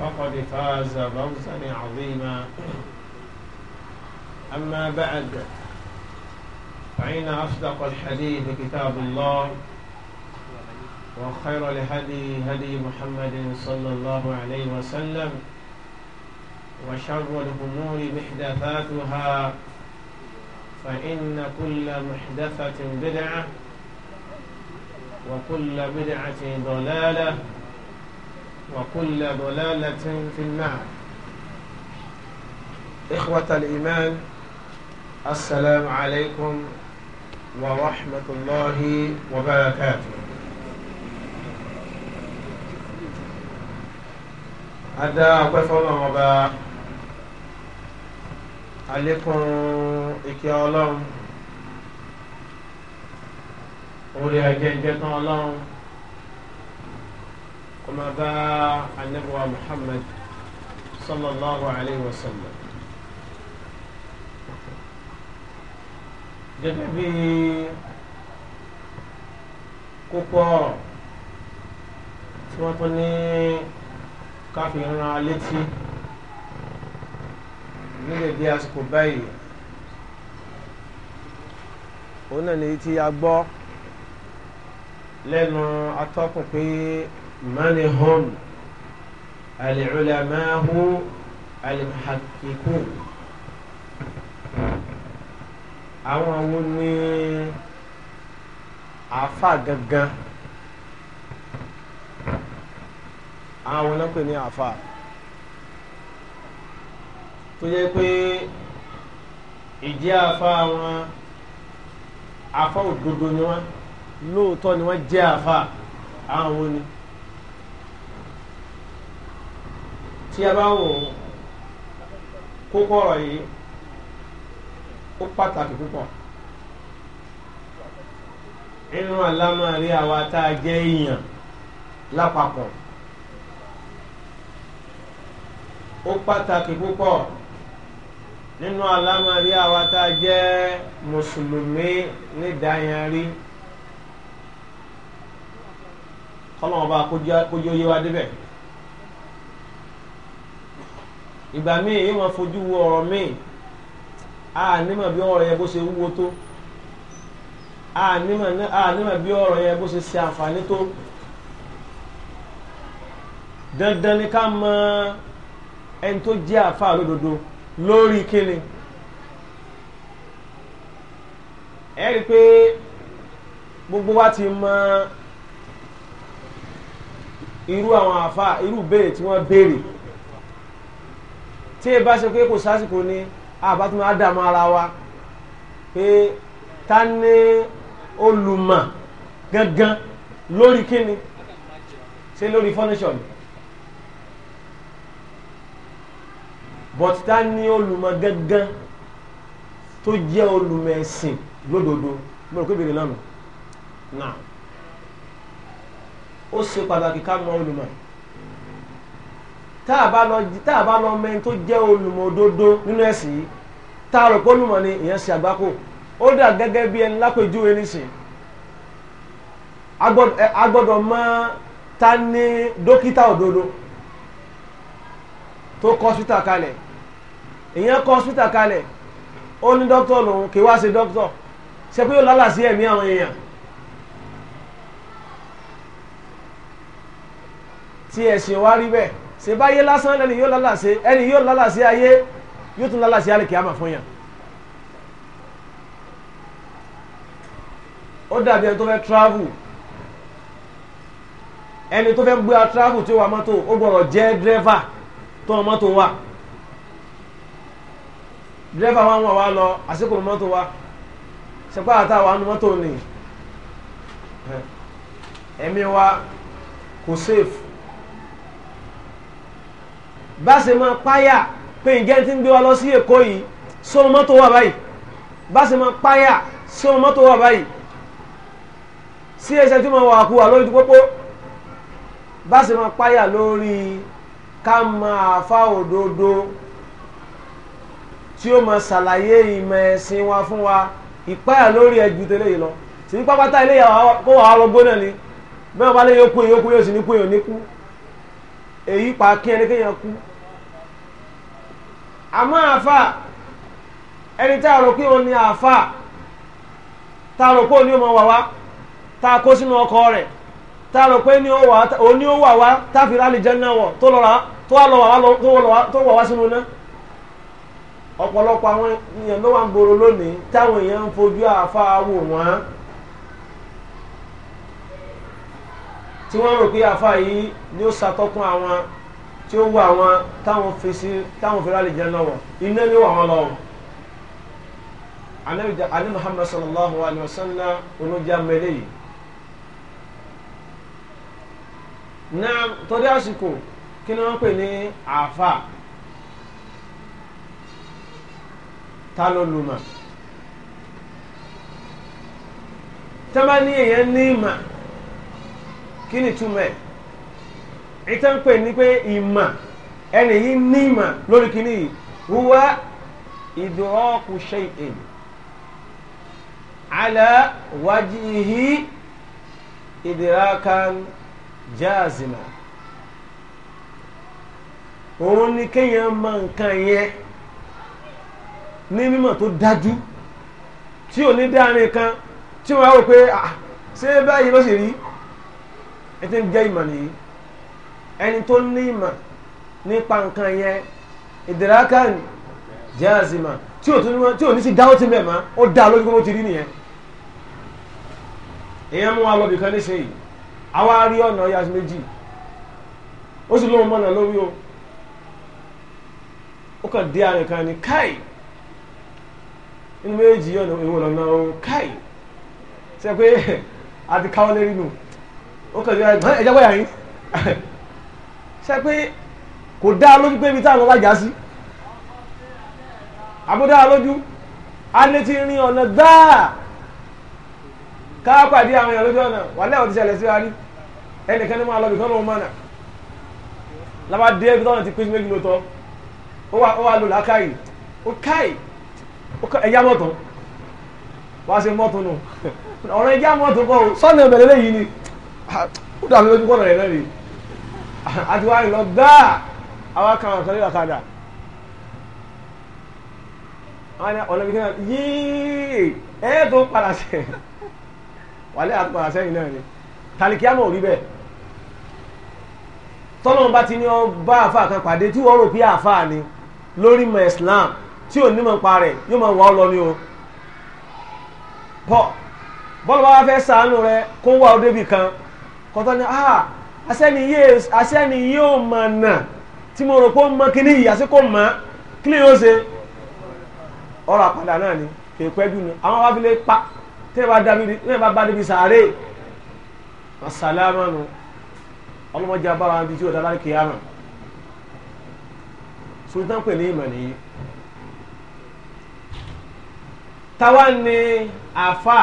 فقد فاز فوزا عظيما أما بعد فإن أصدق الحديث كتاب الله وخير الهدي هدي محمد صلى الله عليه وسلم وشر الأمور محدثاتها فإن كل محدثة بدعة وكل بدعة ضلالة وكل ضلالة في النار إخوة الإيمان السلام عليكم ورحمة الله وبركاته ada ọpẹ́ fọ́lọ́run ọba àlékún ìkẹ́ Ọlọ́run orí ajẹjẹ tán وما باع النبوة محمد صلى الله عليه وسلم gẹ́gẹ́ bí kókó ọ̀rọ̀ tí wọ́n tún ní káfí ran létí nílẹ̀ bí àsìkò báyìí òun náà ní tí a gbọ́ lẹ́nu atọ́kùn pé من هم العلماء المحققون àwọn wo ni àáfà gangan àwọn ọlọ́pẹ̀ ní àáfà tó jẹ́ pé ìjẹ́ àáfà wọn àáfà òdodo ni wọ́n lóòótọ́ ni wọ́n jẹ́ àáfà àwọn wo ni. tí a bá ń wò kókó ọ̀rọ̀ yìí ó pàtàkì púpọ̀ nínú àlámọ̀rí àwa tá a jẹ́ èèyàn lápapọ̀ ó pàtàkì púpọ̀ nínú àlámọ̀rí àwa tá a jẹ́ mùsùlùmí nídàáyanrí kọ́lọ́mọba kójú yé wa débẹ̀ ìgbà míì yìí wọn fojú wo ọ̀rọ̀ míì a nímọ̀ bí ọ̀rọ̀ yẹn bó ṣe wúwo tó a nímọ̀ bí ọ̀rọ̀ yẹn bó ṣe ṣe àǹfààní tó dandan ni ká mọ ẹni tó jẹ́ àfa lódodo lórí kíni ẹ rí i pé gbogbo wa ti mọ irú àwọn àfa irú béèrè tí wọ́n béèrè tí ẹ bá ṣe pé kò sásìkò ni àbátúmọ̀ á dààmú ara wa pé ta ni olùmọ̀ gangan lórí kíni ṣe lórí fọ́nísọ̀ ni but ta ni olùmọ̀ gangan tó jẹ́ olùmọ̀ ẹ̀sìn lódodo mo rò pé ìbéèrè lọ́nà náà ó ṣe pàtàkì ká mọ olùmọ̀ tá a bá lọ tá a bá lọ mọ ẹni tó jẹ́ olùmọ̀ òdodo nínú ẹ̀sìn yìí tá a rò pé olùmọ̀ ni ìyẹn ṣe àgbákò ó dà gẹ́gẹ́ bí ẹni lápèjúwe nísìn a gbọ́dọ̀ mọ ta ni dókítà òdodo tó kọ́ hospital kalẹ̀ ìyẹn kọ́ hospital kalẹ̀ ó ní dókítà lòun kì í wá ṣe dókítà ṣe pé yóò lálà sí ẹ̀mí àwọn èèyàn tí ẹ̀sìn wá rí bẹ́ẹ̀ ṣèbáyé lásán lẹni yóò lálàsẹ ẹni yóò se ayé yóò tún lálàsẹ àlìkìyàmà fún yàn. ó dàbí ẹni tó fẹ́ travel ẹni tó fẹ́ gbé a travel tí ó wà mọ́tò ó gbọ́dọ̀ jẹ́ dírẹ́fà tó wọn mọ́tò wà dírẹ́fà wọn wà wá lọ àsìkò mọ́tò wa sẹ́pà àtàwọn àwọn mọ́tò ni ẹ̀mí wa kò safe bá ṣe máa páyà pé ǹjẹ́ ti ń gbé wa lọ sí èkó yìí sóhun mọ́tò wà báyìí bá ṣe máa páyà sóhun mọ́tò wà báyìí sí ẹsẹ̀ tí mo wà kú wa lórí pópó bá ṣe máa páyà lórí ká máa fa òdodo tí ó máa ṣàlàyé ìmọ̀ ẹ̀sìn wa fún wa ìpáyà lórí ẹ̀jú tẹ́lẹ̀ yìí lọ sí pápátá ilé yàrá kó wàá lọ gbóná ni bẹ́ẹ̀ wọ́n bá lé yókù yókù yóò sì ní kú yóò ní kú. èyí pa kí ẹni kéèyàn kú àmọ́ àáfà ẹni tá a rò pé òun ni kó sínú ọkọ rẹ̀ tá a rò pé òun ni wà wá tá a fi rálì jẹ́ náà wọ̀ tó lọ́ra tó wà sínú ọ̀pọ̀lọpọ̀ àwọn èèyàn ló tí wọ́n rò pé àfa yìí ni ó ṣàtọ́kùn àwọn tí ó wọ àwọn táwọn fi sí táwọn fi rálẹ̀ jẹun lọ́wọ́ iná ni wọ́n wọn lọ́wọ́ anabi muhammad sallallahu alayhi wa sallam onújà mẹ́lẹ̀ yìí náà tọ́jú àsìkò kí ni wọ́n pè ní àfa ta ló lùmọ̀ tẹ́lẹ̀ ní èèyàn ní ìmọ̀ kí ni túmọ̀ ẹ̀ ìtàn ń pè ní pé ìmọ̀ ẹni yìí ní ìmọ̀ lórí kíní yìí huwa idraku shay'in ala wajhihi idrakan jazima òun ni kéèyàn mọ nǹkan yẹn ní mímọ̀ tó dájú tí ò ní dáa nìkan tí wọ́n á wò pé ah, ṣé báyìí ló sì rí ètò ń jẹ́ ìmọ̀ nìyí ẹni tó ní ìmọ̀ nípa nǹkan yẹn ìdìrákàn jẹ́àzìmọ̀ tí ò tí o ní sí dáwọ́ ti mẹ́ẹ̀má ó dá lójú kó ti rí nìyẹn èèyàn mú wa lọ bìkan léṣe yìí àwa rí ọ̀nà ọ̀yà méjì ó sì lóun mọ̀nà lórí o ó kàn dé àrùn kan ní káì nínú méjì ọ̀nà ìwọ̀n ọ̀nà òun káì ṣe pé àti káwọ́ lérí nù ó kàn yọ ẹ̀gbọ́n ẹ̀jẹ̀ wáyà yín ṣe pé kò dá lójú pé ibi táwọn wájà sí àbúdá lójú alẹ́ ti rin ọ̀nà gbáà ká pàdé àwọn èèyàn lójú ọ̀nà wà lẹ́wọ̀n ti ṣẹlẹ̀ sí wa rí ẹnìkan ní máa lọ bìkan lóun mọ̀nà lábá dé ibi táwọn ti pín méjì lóòótọ́ ó wà lò lákàyè ó káyè ẹ̀yà mọ́tò wá sí mọ́tò nù ọ̀rọ̀ ẹ̀yà mọ́tò kọ́ sọ́nà ìbẹ̀rẹ̀ lẹ́yìn ni ó dàbí lójú kọ́nà rẹ̀ náà rè àti wàá lọ gbáà àwa kan àwọn kan nílò àkàdà ọ̀nà bí kíni yíì ẹ̀ tó padà sẹ́yìn wàlẹ́ àti padà sẹ́yìn náà ni tàlìkíá náà rí bẹ́ẹ̀ tọ́lọ́run bá ti ní ọ bá àfa kan pàdé tí wọ́n rò pé àfa ni lórí mọ̀ Islam tí ò ní mọ̀ pa rẹ̀ yóò máa wà ọ́ lọ ní o pọ̀ bọ́lá bá wá fẹ́ ṣàánú rẹ kó wà ó débì kan kọ́tọ́ ni ah asẹ́ni yóò mọ̀ nà tí mo rò pé ó mọ kíní yìí àsìkò mọ́ kí lè yóò ṣe ọ̀rọ̀ àpàdà náà ni kò pẹ́jù ni àwọn wá fi lè pa tẹ́lẹ̀ bá dábìí sàárè asalaamu ọlọmọdé abára bíi tí o dára kìí àmà sultan pè ní ìmọ̀ nìyí táwa ni àfa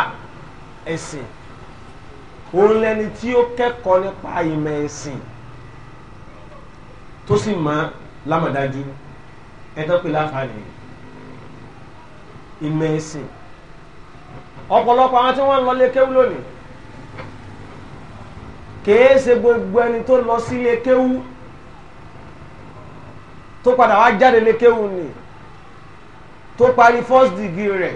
ẹ̀sìn òun lẹni tí ó kẹ́kọ̀ọ́ nípa ìmọ̀ ẹ̀sìn tó sì mọ̀ lámọ̀dájú ẹ̀tọ́ pé láǹfààní ìmọ̀ ẹ̀sìn ọ̀pọ̀lọpọ̀ àwọn tí wọ́n ń lọ lé kéwú lónìí kèé ṣe gbogbo ẹni tó lọ sí lé kéwú tó padà wá jáde lé kéwú ni tó parí first degree rẹ̀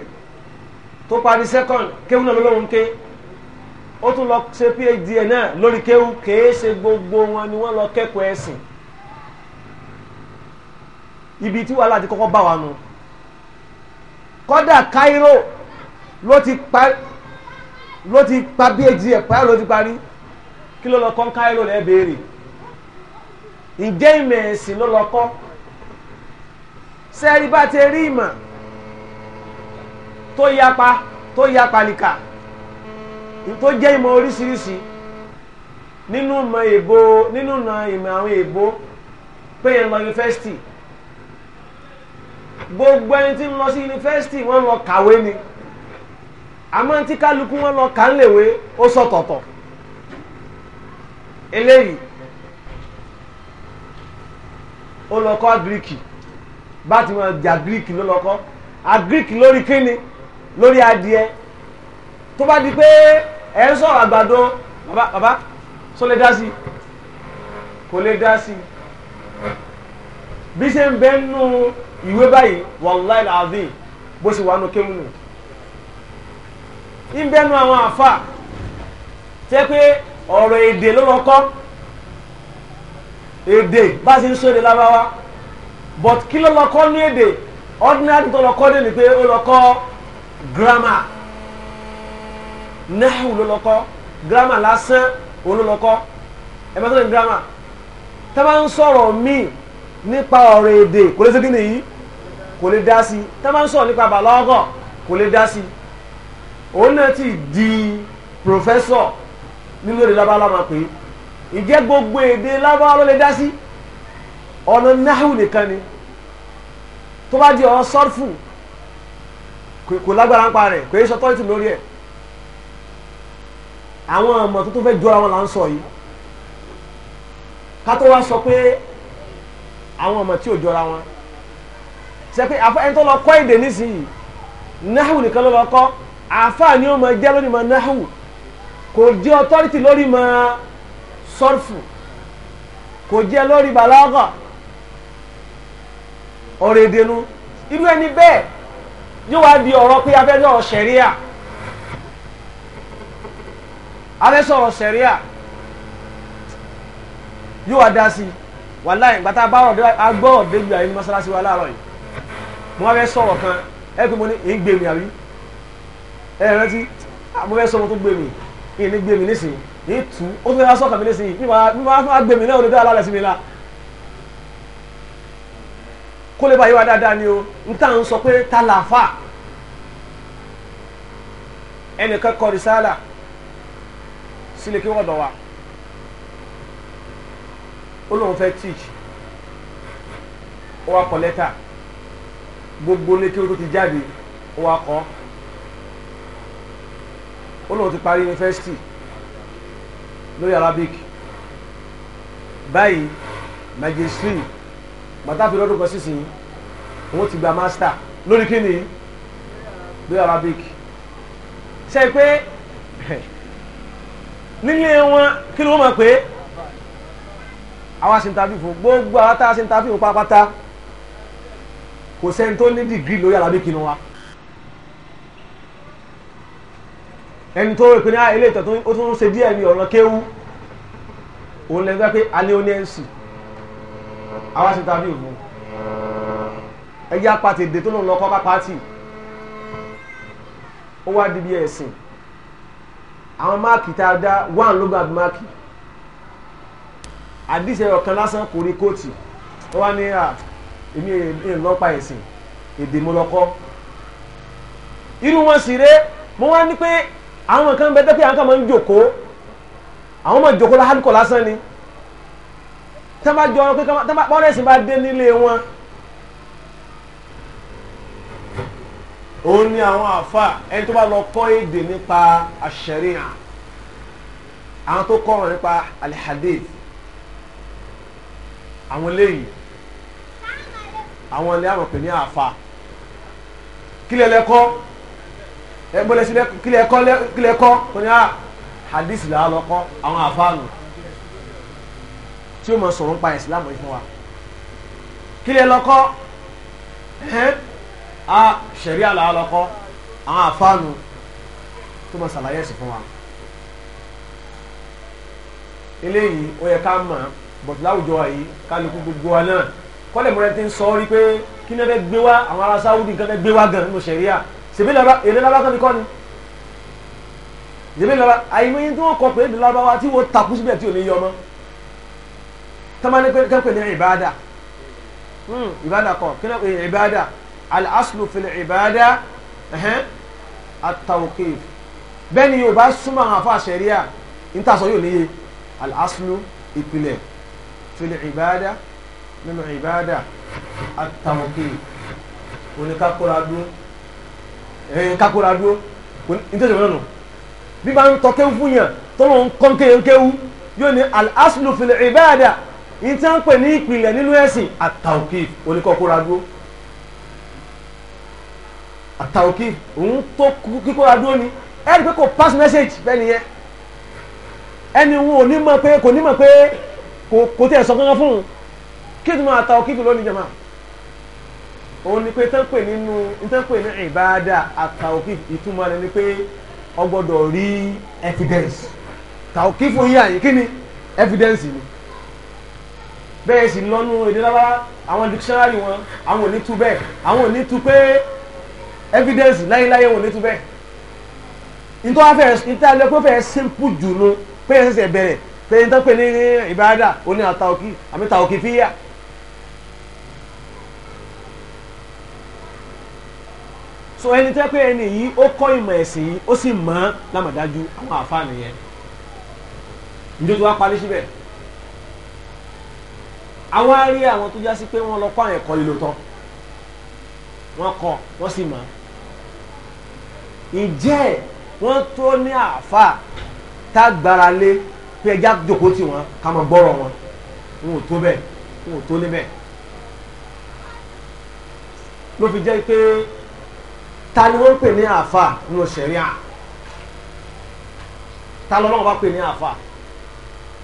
tó parí second kéwú náà ló lóun ké. Okay? ó tún lọ ṣe phd ẹ̀ náà lórí kéwú kèé ṣe gbogbo wọn ni wọ́n lọ kẹ́kọ̀ọ́ ẹ̀sìn ibi tí wàhálà ti kọ́kọ́ bá wa nù kọ́dà Cairo ló ti pa ló ti pa phd ẹ̀ pààrọ̀ ló ti parí kí ló lọ kọ́ Cairo lẹ́ẹ̀ béèrè ǹjẹ́ ìmọ̀ ẹ̀sìn ló lọ kọ́ sẹ́ẹ̀rí bá ti rí ìmọ̀ tó yapa tó yapa nìkan tó jẹ́ ìmọ̀ oríṣiríṣi nínú ìmọ̀ èbó nínú ìmọ̀ àwọn èbó pé yẹn lọ yunifásitì gbogbo ẹni tí ń lọ sí yunifásitì wọ́n lọ kàwé ni àmọ́ tí kálukú wọn lọ kà ń lèwe ó sọ̀tọ̀tọ̀ eléyìí ó lọ kọ́ agiriki bá ti wọn di agiriki ló lọ kọ́ agiriki lórí kíni lórí adìẹ tó bá di pé ẹ ń sọ̀rọ̀ àgbàdo bàbá bàbá sọ lè dá sí i kò lè dá sí i bí ṣe ń bẹ nínú ìwé báyìí wàláì làdí bó ṣe wà nù kéwù nù ń bẹ nínú àwọn àfà tẹ́ pé ọ̀rọ̀ èdè ló lọ èdè bá ṣe ń sọ èdè lábáwá but kí ló lọ ní èdè ordinary tó lọ dé ni pé ó lọ grammar. nahu loloko grama lasan ololoko e ma so grama ta ba nsoro mi nipa ore ede ko le se kini yi ko le dasi ta ba nsoro nipa balogo ko le dasi o na ti di professor ni lo re la bala ma pe ije gbogbo ede la lo le dasi ona nahu ni kan to ba di o sorfu ko lagbara npa re ko e so to àwọn ọmọ tó tó fẹ́ jọra wọn là ń sọ yìí ká tó wá sọ pé àwọn ọmọ tí ò jọra wọn ṣe pé ẹni tó lọ kọ́ èdè nísìnyí náhù nìkan ló lọ kọ́ àáfàá ni ó máa jẹ́ lónìí mọ́ náhù kò jẹ́ ọtọ́rìtì lórí mọ́ sọ́rfù kò jẹ́ lórí bàlágà ọ̀rọ̀ irú ẹni bẹ́ẹ̀ yóò wá di ọ̀rọ̀ pé afẹ́fẹ́ ọ̀ṣẹ̀ríà abẹ́ sọ̀rọ̀ sẹ̀ríà yóò wá dá sí i wàláì gbàtà agbọ́rọ̀ débi àyè ní mọ́sálásí wa láàárọ̀ yìí mo wá fẹ́ kan ẹ pé mo ní èyí gbèmí àbí ẹ rántí ah, mo fẹ́ sọ̀rọ̀ tó gbèmí èyí ní gbèmí nísìnyí èyí tù ó tún fẹ́ sọ̀rọ̀ kàmí nísìnyí bí wàá fún wa gbèmí náà olùdó alárẹ̀ sí mi la kó lè bá dáadáa ni o n tà ń sọ pé ta làáfà ẹnìkan kọ rìsálà sílé kí wọ́n dọ̀ wa ó lóun fẹ́ teach ó wá kọ lẹ́tà gbogbo ní kí o tó ti jáde ó wá kọ́ ó lóun ti parí yunifásitì lórí Arabic báyìí magistrate màtàfi lọ́dún kan sísìn òun ti gba master lórí kí ni lórí Arabic ṣe pé nílé wọn kí ni wọ́n mọ̀ pé àwa ṣe ń tàbí fún gbogbo àwọn tá a ṣe ń tàbí fún pátápátá kò sẹ́ni tó ní dìgírì lórí alábí kinu wa ẹni tó rò pé ní ah, ilé ìtàn ó tún ṣe díẹ̀ ní ọ̀rọ̀ kéwú òun lẹ́nu pé alẹ́ ó ní ẹ̀ ń sì àwa ṣe ẹ̀yà pàtẹ́dẹ́ tó lòun kọ́ ká ó wá di bí ẹ̀sìn àwọn máàkì tá a dá one ló gbàgbé máàkì àdìsẹ ọ̀kan lásán kò rí kóòtù ó wá ní à èmi èmi lọ́pàá ẹ̀sìn èdè mo lọ́kọ́ irú wọn sì ré mo wá ní pé àwọn kan bẹ tẹ́pẹ́ àwọn kan máa ń jòkó àwọn máa jòkó láhálùkọ̀ lásán ni tẹ́ bá jọ pé a bá pọ́nrẹ́sì bá dé nílé wọn. òun ni àwọn àfa ẹni tó bá lọ kọ́ èdè nípa àṣẹríà àwọn tó kọ́ ọ̀rọ̀ nípa alihadith àwọn eléyìí àwọn ilé àròpè ní àfa kílẹ̀ lẹ́kọ́ ẹgbẹ́lẹ́ sílẹ̀ kílẹ̀ ẹ̀kọ́ kílẹ̀ ẹ̀kọ́ tó ní ah, hadith là á lọ́kọ́ àwọn àfa nù tí ó mọ̀ sọ̀rọ̀ nípa ìsìlámù yìí fún wa kílẹ̀ lọ́kọ́ ẹ̀hẹ́n a ṣẹ̀rí àlàálọ́kọ́ àwọn àfáànù tó máa ṣàlàyé ẹ̀sìn fún wa eléyìí ó yẹ ká mọ̀ bọ̀dù láwùjọ yìí kálukú gbogbo wa náà kọ́lẹ̀ mọ́rẹ́ ti ń sọ rí pé kí ni wọ́n fẹ́ gbé wá àwọn ará sáwùdí nǹkan fẹ́ gbé wá gan nínú ṣẹ̀ríà ṣèbí èdè lábákan ni kọ́ ni ṣèbí lọ́ba àìmọye tí wọ́n kọ pé èdè lábáwá tí wọ́n takú síbẹ̀ tí ò ní yọ ọmọ tọ́mọ ní pé kẹ́pẹ́ ní hmm, kọ kí ni al-aslu fil ibada at-tawqif bẹ́ẹ̀ ni yorùbá súnmọ́ àwọn afọ àṣẹríà níta sọ yóò níye al-aslu ìpìlẹ̀ fil ibada nínú ibada at-tawqif oníkakóra dúró ẹ̀yìn kakóra dúró nítorí ìwé náà bí bá ń tọ́kẹ́ fún yàn tọ́lọ́ ń kọ́ kéwkéwú yóò ní al-aslu fil ibada níta ń pè ní ìpìlẹ̀ nínú ẹ̀sìn at-tawqif oníkakóra dúró àtàwòkì òun tó kíkó adúró ni ẹni pé kò pass message bẹ́ẹ̀ nìyẹn ẹni wọn ò ní mọ̀ pé kò ní mọ̀ pé kò tẹ̀ sọ kankan fún un kí ni mo àtàwòkì fi lónìí jẹ̀mọ́ òun ni pé tán pè nínú tán pè ní ìbáadà àtàwòkì ìtumọ̀ rẹ̀ ni pé o rí evidence tàwòkì fún yíyá yìí kí ni evidence ni bẹ́ẹ̀ sì lọ́nu èdè lábá àwọn dictionary wọn àwọn ò ní tu bẹ́ẹ̀ àwọn ò ní tu pé evidence láyéláyé wò ní tún bẹ́ẹ̀ nítorí wọn fẹ́ẹ́ nítorí alẹ́ pé fẹ́ẹ́ simple jù nu pé ẹ̀ ṣẹ̀ṣẹ̀ bẹ̀rẹ̀ pé ẹ̀ ń tán pé ní ìbáradà ó ní àtàwọ̀kì àmì tàwọ̀kì fíyà. so ẹni tẹ́ pé ẹni yìí ó kọ́ ìmọ̀ ẹ̀sìn yìí ó sì mọ̀ ọ́n lámàdájú àwọn àfa nìyẹn nítorí wá parí síbẹ̀ àwọn á rí àwọn tó já sí pé wọ́n lọ kọ́ àwọn ẹ̀kọ́ yìí lóòótọ́ wọ́n kọ́ wọ́n sì mọ̀ ọ́n ǹjẹ́ wọ́n tó ní àáfà tá a gbára lé pé ẹja jòkó tì wọ́n ká mọ gbọ́rọ̀ wọn n ò tó bẹ́ẹ̀ n ò tó níbẹ̀ ló fi jẹ́ pé ta ni wọ́n ń pè ní àáfà nínú ṣẹ̀ríà ta lọ́wọ́ bá pè ní àáfà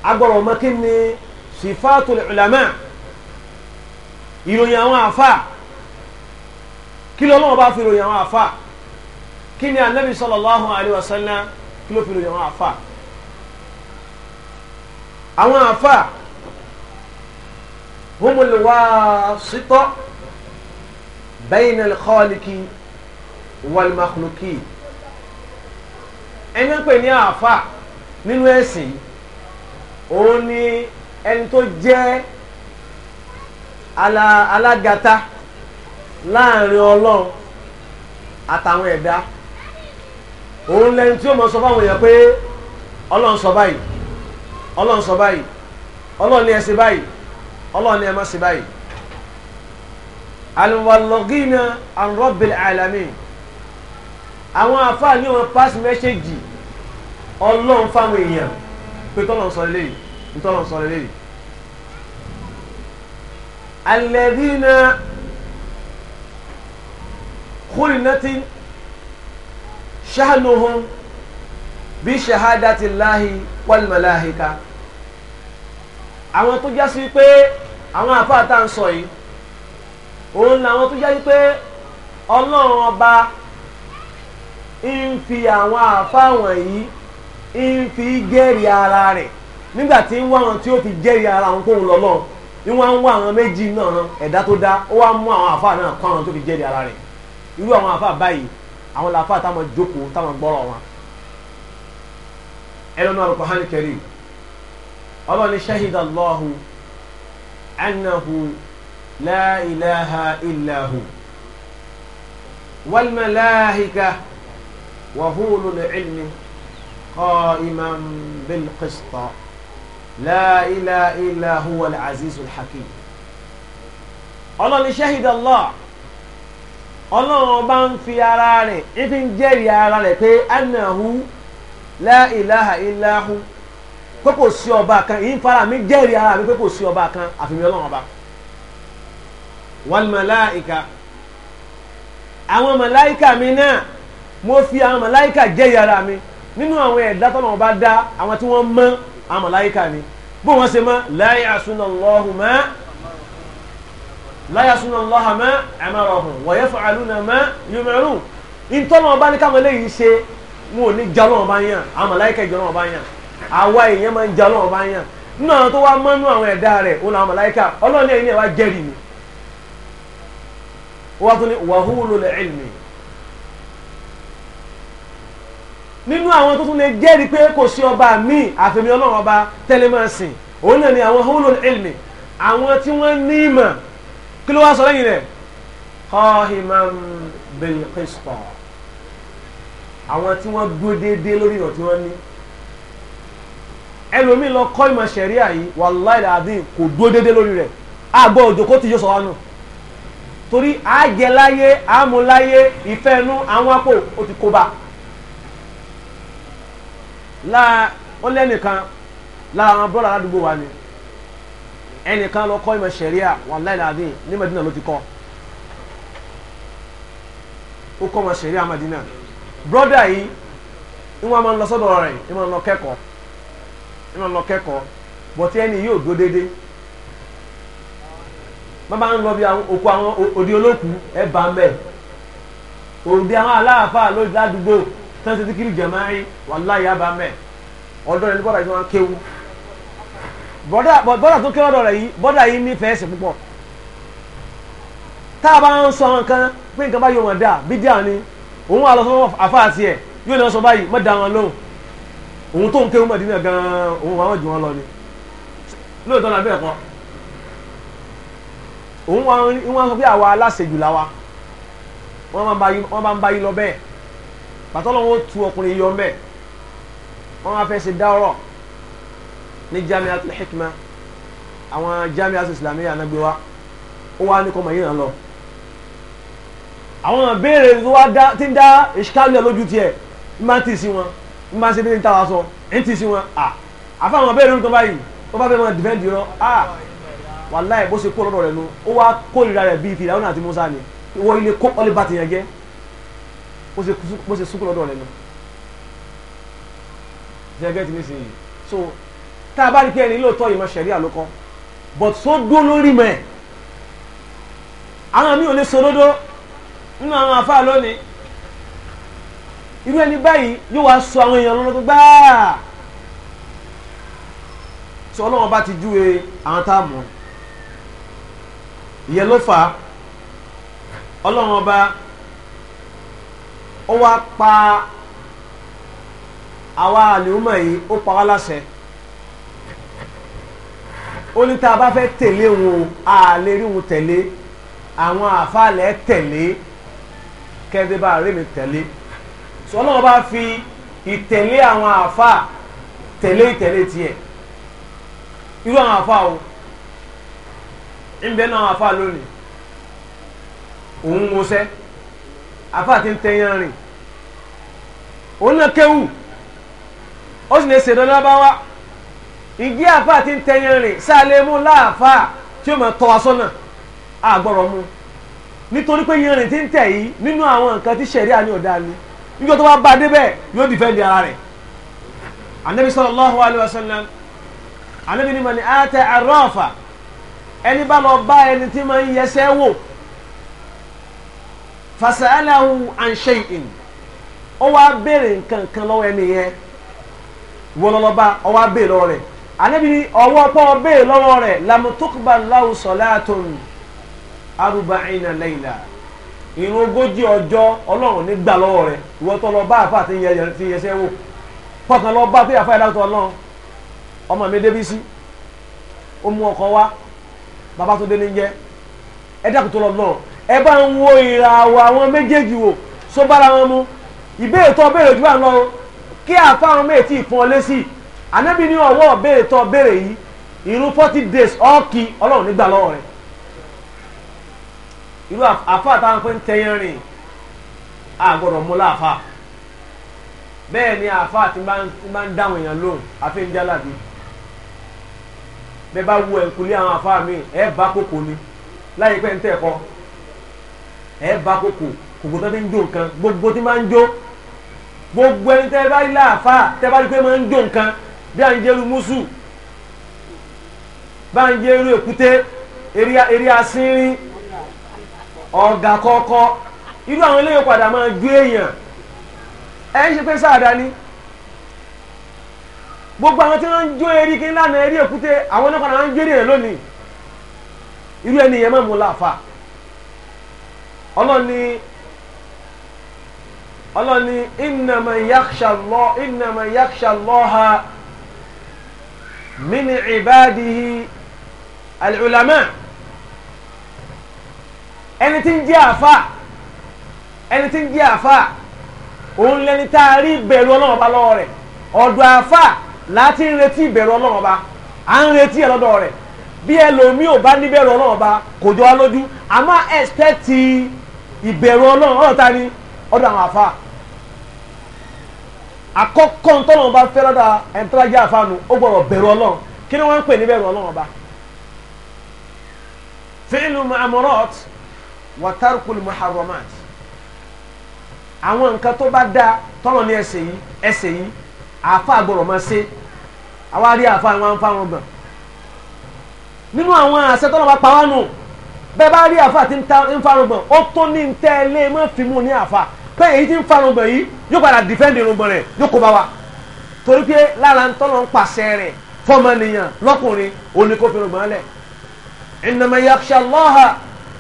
agbọ́rọ̀ ọmọ kí ni sifatul ulama ìròyìn àwọn àáfà kí lọ́wọ́ bá fi ròyìn àwọn àáfà kí ni anabi sallallahu alayhi wa sallam kí ló fi ròyìn àwọn àfa àwọn àfa humul wasita bayna al-khaliqi wal makhluqi ẹni pè ní àfa nínú ẹ̀sìn òun ni ẹni tó jẹ́ alágata láàrin òun lẹni tí ó mọ sọ fáwọn èèyàn pé ọlọ́run sọ báyìí ọlọ́run sọ báyìí ọlọ́run ní ẹ ṣe báyìí ọlọ́run ní ẹ má ṣe báyìí. alùwàlọ́gìnà àrùbọ̀bìlì àlàmì àwọn àfáà ní wọn pass message ọlọ́run fáwọn èèyàn pé tọ́lọ́run sọ lélẹ́yìí ntọ́lọ́run sọ lélẹ́yìí. alẹ́dínà kúrìnàtì sha'nuhum bí shahadati lahi wal malaika àwọn tó jásí pé àwọn àfáà tá à ń sọ yìí òun làwọn tó jásí pé ọlọ́run ọba ń fi àwọn àfáà wọ̀nyí ń fi jẹ́rìí ara rẹ̀ nígbà tí ń wá wọn tí ó fi jẹ́rìí ara wọn kóhun lọ́lọ́ ni wọ́n ń wá àwọn méjì náà ẹ̀dá tó dá ó wá mú àwọn àfáà náà kọ́ àwọn tó fi jẹ́rìí ara rẹ̀ irú àwọn àfáà báyìí àwọn làáfà táwọn jókòó táwọn gbọ́rọ̀ wọn ẹlẹ́nu àrùkọ hàn kẹrì ọlọ́ni shahida Allahu annahu la ilaha illa hu wal malaika wa ulul ilmi قائما بالقسط لا إله إلا هو العزيز الحكيم الله شهد الله ọlọ́run bá ń fi ara rẹ̀ ń fi ń jẹ́rìí ara rẹ̀ pé anahu la ilaha illahu pé kò sí ọba kan yìí ń fara mi jẹ́rìí ara mi pé kò sí ọba kan àfi mi ọlọ́run ọba wal malaika àwọn màláìkà mi náà mo fi àwọn màláìkà jẹ́rìí ara mi nínú àwọn ẹ̀dá tọ́lọ́run bá dá àwọn tí wọ́n mọ̀ àwọn màláìkà ni bó wọ́n ṣe mọ̀ la ya'sunallahu ma láyàsúná lọ́hà mẹ́ ẹ̀mẹ́rọ̀hùn wọ̀yẹ́ fún àlùnà mẹ́ yomẹ́rùn ìtọ́nà ọba ní káwọn eléyìí ṣe wọn ò ní jalọ́ ọba yàn àwọn màláíkà ìjọ́nà ọba yàn àwa èèyàn máa ń jalọ́ ọba yàn náà tó wá mọ́nú àwọn ẹ̀dá rẹ̀ òun àwọn màláíkà ọlọ́ọ̀ni ẹ̀yìn ẹ̀ wá jẹ́rìí mi wọ́n tún ní wàhúùlù lẹ̀ ẹ̀lmì nínú àwọn tó tún lè jẹ́rìí pé kò sí ọba mi àfẹ̀mí ọlọ́run ọba tẹ́lẹ̀ máa sìn òun náà ní kí ló wá sọ lẹ́yìn rẹ̀ qahiman bil qist àwọn tí wọ́n dúró déédéé lórí ìrọ̀ tí wọ́n ní ẹlòmíì lọ kọ́ ìmọ̀ ṣẹ̀ríà yìí wàláì àdín kò dúró déédéé lórí rẹ̀ àgbọ̀ òjòkó ti yóò sọ wánú torí àjẹláyé àmúláyé ìfẹ́nu àwọn apò ó ti kó bá láà ó lẹ́nìkan lára àwọn bọ́lá aládùúgbò wa ni. ẹnìkan lọ kọ́ ìmọ̀ ṣẹ̀ríà wàláì làdín ní Madina ló ti kọ́ ó kọ́ ìmọ̀ ṣẹ̀ríà Madina brọ́dà yìí ìwọ́n máa ń lọ sọ́dọ̀ rẹ̀ ìmọ̀ lọ kẹ́kọ̀ọ́ ìmọ̀ lọ kẹ́kọ̀ọ́ bọ̀tí ẹni yóò ń lọ bí òkú àwọn òdi olóòkú ẹ bá ń bẹ̀ òdi àwọn aláàfáà lójú ládùúgbò jẹ̀máì bá ń bọ́dà bọ́dà tó kéré ọ̀dọ̀ yìí bọ́dà yìí nífẹ̀ẹ́ sí púpọ̀ tá a bá ń sọ nǹkan pé nǹkan bá yóò wọ̀n dà bídíà ni òun àlọ́ fún àfáàtì ẹ̀ yóò lọ sọ báyìí mọ́ da wọn lóhùn òun tó ń kéwọ́n Mẹ̀dínà gan-an òun àwọn jù wọn lọ ni lóòótọ́ náà bẹ́ẹ̀ kọ́ òun wọn sọ pé àwa aláṣejù làwa wọ́n máa ń bá yín lọ bẹ́ẹ̀ pàtọ́lọ́wọ́n tu ọkùnrin yọ mẹ́ẹ̀ wọ́n máa fẹ́ ṣe dá ọ̀rọ̀ ní jamiatul hikma àwọn jamiatul islamiyya anagbewa ó wá ní kọ́ mọ̀ yìí náà lọ àwọn béèrè tó wá ti ń dá ìṣkálẹ̀ lójú tiẹ̀ ń bá ń tì sí wọn ń bá ń ṣe bí ń tà wá sọ ń tì sí wọn à àfáwọn béèrè nǹkan báyìí ó bá fẹ́ mọ dìfẹ́ǹdì rọ à wàláhì bó ṣe kó lọ́dọ̀ rẹ̀ nu ó wá kórìíra rẹ̀ bíi fìlà ọ̀nà àti musa ni ìwọ ilé kó ọlẹ́ bá tìyàn jẹ́ bó ṣe sún rẹ̀ nu. so tá a bá rí pé ẹni lóòótọ́ ìmọ̀ ṣẹ̀ríà ló kọ́ but tó dó lórí mọ̀ ẹ̀ àwọn mi ò lè sòdodo nínú àwọn àfáà lónìí irú ẹni báyìí yóò wá sọ àwọn èèyàn lọ́dún gbáà tí ọlọ́wọ́n bá ti júwe àwọn tá a mọ̀ ìyẹn ló fà á ọlọ́wọ́n ọba ó wá pa àwa àlùmọ̀ yìí ó pa wá láṣẹ ó ní tá a bá fẹ́ tẹ̀lé wọn a lè rí wọn tẹ̀lé àwọn àfàlẹ́ tẹ̀lé kẹ́ndé bá rí mi tẹ̀lé sọlọ́wọ́ bá fi ìtẹ̀lé àwọn àfà tẹ̀lé ìtẹ̀lé tiẹ̀ irú àwọn àfà o ńbẹ náà àfà lónìí òun mọṣẹ́ àfà ti ń tẹ̀yàn rìn òun náà kéwù ó sì lè ṣèdọ́lá bá wá ìgé àfa àti ntẹ̀yìn rìn sáàlẹ̀ mú láàfa tí ó máa tọ́ wa sọ́nà àgbọ̀rọ̀ mu nítorí pé yẹn rìn ti ń tẹ̀ yìí nínú àwọn nǹkan tí sẹ̀ríà ní ọ̀dà ni níjọ́ tó bá bá a débẹ̀ yóò dìfẹ́ǹdì ara rẹ̀ anabi sallallahu alayhi wa sallam anabi ni mani ata arọ́ọ̀fà ẹni bá lọ bá ẹni tí máa ń yẹsẹ́ wò fasalahu an ó wá béèrè nǹkan kan lọ́wọ́ ẹni yẹn wọ́n lọ́lọ́ba ó lọ́wọ́ rẹ̀ anabi ọwọ́ pọ́ bẹ́ẹ̀ lọ́wọ́ rẹ̀ lamutukba lahu salatun aruba'ina layla ìrun ogójì ọjọ́ ọlọ́run ní gbà lọ́wọ́ rẹ̀ ìwọ́n tó lọ bá àfa àti ti yẹsẹ́ wò pọ̀kan lọ bá pé àfa ìdáwó tó ọlọ́run ọmọ mi débi sí ó mú ọkọ wá bàbá tó dé ní jẹ ẹ dákun lọ lọ́run ẹ bá ń wo ìràwọ̀ àwọn méjèèjì wò só wọn mu ìbéèrè tó béèrè ojú àná kí àfa àwọn méjì fún ọ lé sí i anabi ní ọwọ́ béèrè tó béèrè yìí irú forty days ọ́ọ̀kì ọlọ́run nígbà lọ́wọ́ rẹ̀ irú àfa àtàwọn pé ń tẹyán rìn àgọ́dọ̀ mú láàfa bẹ́ẹ̀ ni àfa àti máa ń dáhùn èèyàn lóhùn àfi ń jálàbí bẹ́ẹ̀ bá wo ẹ̀kúlé àwọn àfa mi ẹ̀ bá kókò ni láyé pé ń tẹ̀ kọ́ ẹ̀ bá kókò kòkò tó ti ń jó nǹkan gbogbo tí máa ń jó gbogbo ẹni tẹ́ bá rí láàfa tẹ́ bá rí pé máa ń jó nǹkan. bí à ń jẹ́rú mùsù bá ń jẹ́rú èkúté eré asínrín irú àwọn eléyìí padà máa ju èèyàn ẹ e ń ṣe pé sáàdá ni gbogbo àwọn tí wọ́n ń jó eré kí ńlá náà eré àwọn náà padà máa ń jó eré yẹn lónìí irú ẹni ha. من عباده al-ulama ẹni tí ń jẹ́ àfa ẹni tí ń jẹ́ àfa òun lẹni tá a rí ìbẹ̀rù ọlọ́run ọba lọ́wọ́ rẹ̀ ọ̀dọ̀ àfa láti ń retí ìbẹ̀rù ọlọ́run ọba à ń retí ẹ̀ lọ́dọ̀ rẹ̀ bí ẹlòmíì ò bá níbẹ̀rù ọlọ́run ọba kò jọ wá lójú àmọ́ expect ìbẹ̀rù ọlọ́run ọ̀tá ni ọ̀dọ̀ àwọn àfa àkọ́kọ́ tọ́lọ́run bá fẹ́ lọ́dà ẹni tó bá jẹ́ àfáànù ó gbọ́dọ̀ bẹ̀rù ọlọ́run ni wọ́n ń pè ní bẹ̀rù ọlọ́run ọba. fíìlù amọ̀rọ̀t wàtárùkùlù muharramat àwọn nǹkan tó bá dáa tọ́lọ̀ ní ẹsẹ̀ yìí ẹsẹ̀ yìí àáfàá gbọ́dọ̀ máa ṣe àwa rí àáfàá wọn fáwọn gbọ̀n nínú àwọn àṣẹ bá pa wá nù bá rí àáfàá tí ń fáwọn gbọ̀n ó tó ní ntẹ́ ilé mọ́ fìmù ní pé èyí tí ń fa irùngbọ̀n yìí yóò padà defend irùngbọ̀n rẹ̀ yóò kó bá wa torí pé lára ń tọ́lọ̀ ń pàṣẹ rẹ̀ fọmọnìyàn lọ́kùnrin òní kó fi irùngbọ̀n lẹ̀ innama yakhsha Allaha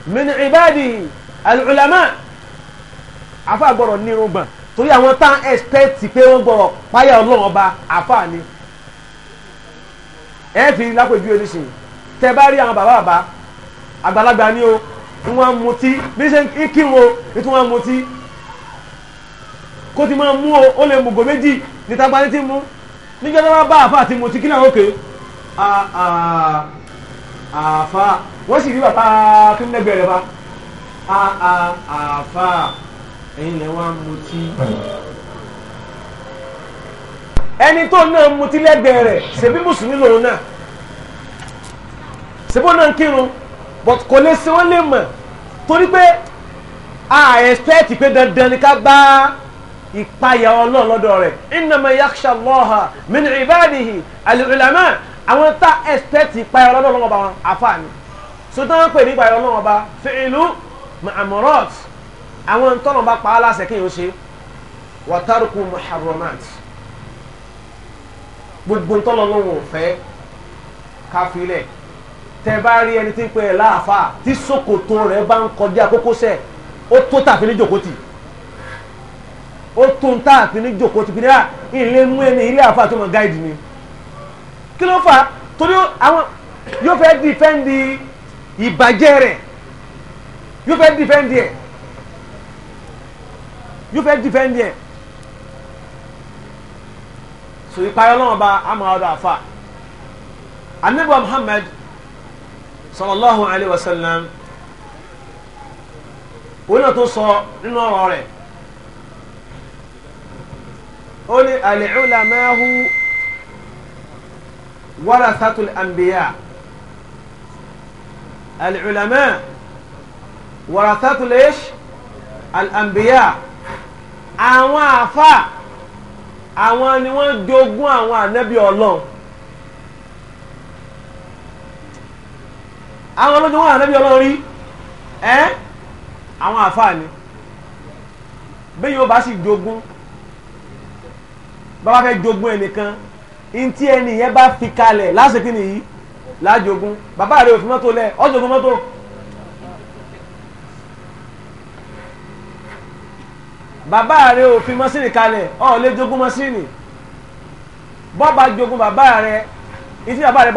min ibadihi al afa gbọ́dọ̀ ní irùngbọ̀n torí àwọn tá à pé wọ́n gbọ́dọ̀ páyà ọlọ́run ọba afa ni ẹ fi lápèjú oníṣìí tẹ bá rí àwọn bàbá bàbá àgbàlagbà kó ti máa mú o ó lè mùgò méjì níta gbaní tí mú níjọ́ tó bá bá àfa àti mutí kí náà ó ké àfa wọ́n sì rí bàbá tó ń lẹ́gbẹ̀ẹ́ rẹ̀ bá àfa ẹ̀yin lè wá mutí. ẹni tó náà mutí lẹ́gbẹ̀ẹ́ rẹ̀ ṣèbí mùsùlùmí lòun náà ṣèbó náà ń kírun but kò lè ṣe wọ́n lè mọ̀ torí pé a expect pé dandan ni ká bá ìpayà ọlọ́run lọ́dọ̀ rẹ̀ innama yakhsha Allaha min ibadihi al-ulama àwọn tá ẹ̀sítẹ́ẹ̀tì ìpayà ọlọ́run lọ́wọ́ bá wọn àfààní sọtọ́ wọn pè ní ìpayà ọlọ́run bá fi'lu ma'murat àwọn tọ́nà bá pa á láṣẹ kí n ṣe wa tarku gbogbo tọ́nà lọ́wọ́ fẹ́ káfílẹ̀ tẹ bá rí ẹni tí ń pè é láàfà tí ṣòkòtò rẹ̀ bá ń kọjá kókósẹ̀ ó tó tàfi ní jòkó tì í ó tó ń tá àpín ní jòkó ti fi ní à ilé mú ẹni ilé àfa tó mọ gáìdì ni kí ló fà torí àwọn yóò fẹ́ dìfẹ́ǹdì ìbàjẹ́ rẹ̀ yóò fẹ́ dìfẹ́ǹdì ẹ̀ yóò fẹ́ dìfẹ́ǹdì ẹ̀ so ìpayọ̀ lọ́wọ́ bá àmọ́ ọ̀dọ̀ anabiwa Muhammad sallallahu alayhi wa sallam wọn náà tó sọ nínú ọ̀rọ̀ rẹ̀ ó ní al-ulamahu warasatul anbiya al-ulama warasatul ish al-anbiya àwọn àfa àwọn ni wọ́n jogún àwọn ànábì ọlọ́run àwọn olójú wọn ànábì ọlọ́run rí ẹ́ àwọn àfa ni bí yóò bá sì jogún bàbá fẹ́ jogun ẹnìkan ntí ẹni yẹn bá fi kalẹ̀ lásìkò nìyí lájogún bàbá rẹ òfin mọ́tò lẹ̀ ọ́jọ̀gún mọ́tò. bàbá rẹ òfin mọ́sìnì kalẹ̀ ọ̀ lè jogún mọ́sìnì bọ́ba jogún bàbá rẹ ntí bàbá rẹ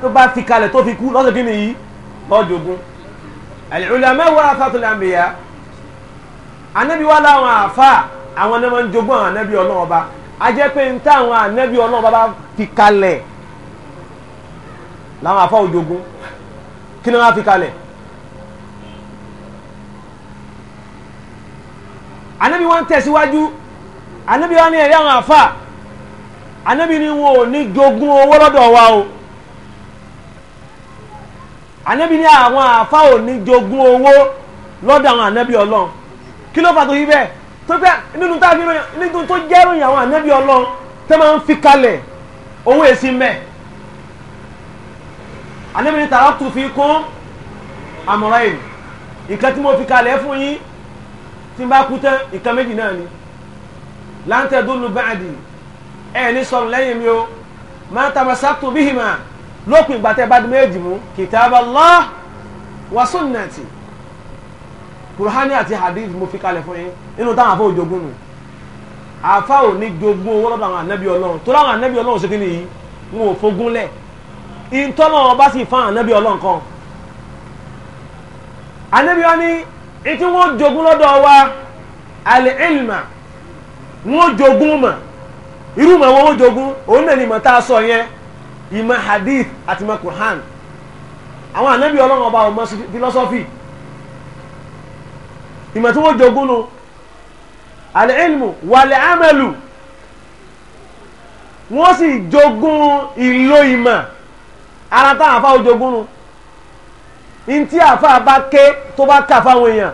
tó bá fi kalẹ̀ tó fi kú lọ́sìkò nìyí lọ́jogún. al-ulama warathatul anbiya anabi wa làwọn àfa àwọn ẹni wọn jogún àwọn anabi ọlọ́wọ́ bá a jẹ́ pé n táwọn ànábì ọlọ́run bàbá fi kalẹ̀ làwọn afọ òjogún kí ni wọ́n fi kalẹ̀ ànábì wọn tẹ̀síwájú ànábì wọn ní ẹ̀rí àwọn afa ànábì ni wọn ò ní jogún owó lọ́dọ̀ wa o ànábì ni àwọn afa ò ní jogún owó lọ́dọ̀ àwọn ànábì ọlọ́run kí ló fà tó yí bẹ́ẹ̀ tó pé nínú tá a fi ròyìn nínú tó jẹ́ ròyìn àwọn ànábì ọlọ́run tó máa ń fi kalẹ̀ owó èsì mẹ́ ànábì ní tààrà tù fi kún àmọ̀ràn yìí nǹkan tí mo fi kalẹ̀ fún yín tí n bá kú tán nǹkan méjì náà ni láǹtẹ̀ dúnú báàdì ẹ̀ ní sọ̀rọ̀ lẹ́yìn mi o máa tàbá sáàtù bíhìmà lópin ìgbà tẹ́ bá di méjì mú kìtàbà Allah wa sunnati kùránì àti hadith mo fi kalẹ̀ fún yín nínú táwọn afọ òjogún nù àfa ò ní jogún owó lọ́dọ̀ àwọn ànábì ọlọ́run tó láwọn ànábì ọlọ́run ṣe kí ni yìí wọn ò fogún lẹ̀ ìtọ́nà ọba sì fún ànábì ọlọ́run kan ànábì ọ ní etí wọn jogún lọ́dọ̀ wa alẹ́ ìlmà wọn jogún mọ̀ irú mọ̀ wọn jogún òun náà ni mọ̀ tá a sọ yẹn ìmọ̀ hadith àti mọ̀ kùránì àwọn ànábì ọlọ́run ọba ò mọ̀ fílọ́sọ́fì ìmọ̀ tí wọ́n jogún nu al-ilmu wal-amalu wọ́n sì jogún ìlò ìmọ̀ ara táwọn afáwọ́ jogún nu ntí àfa bá ké tó bá kà fáwọn èèyàn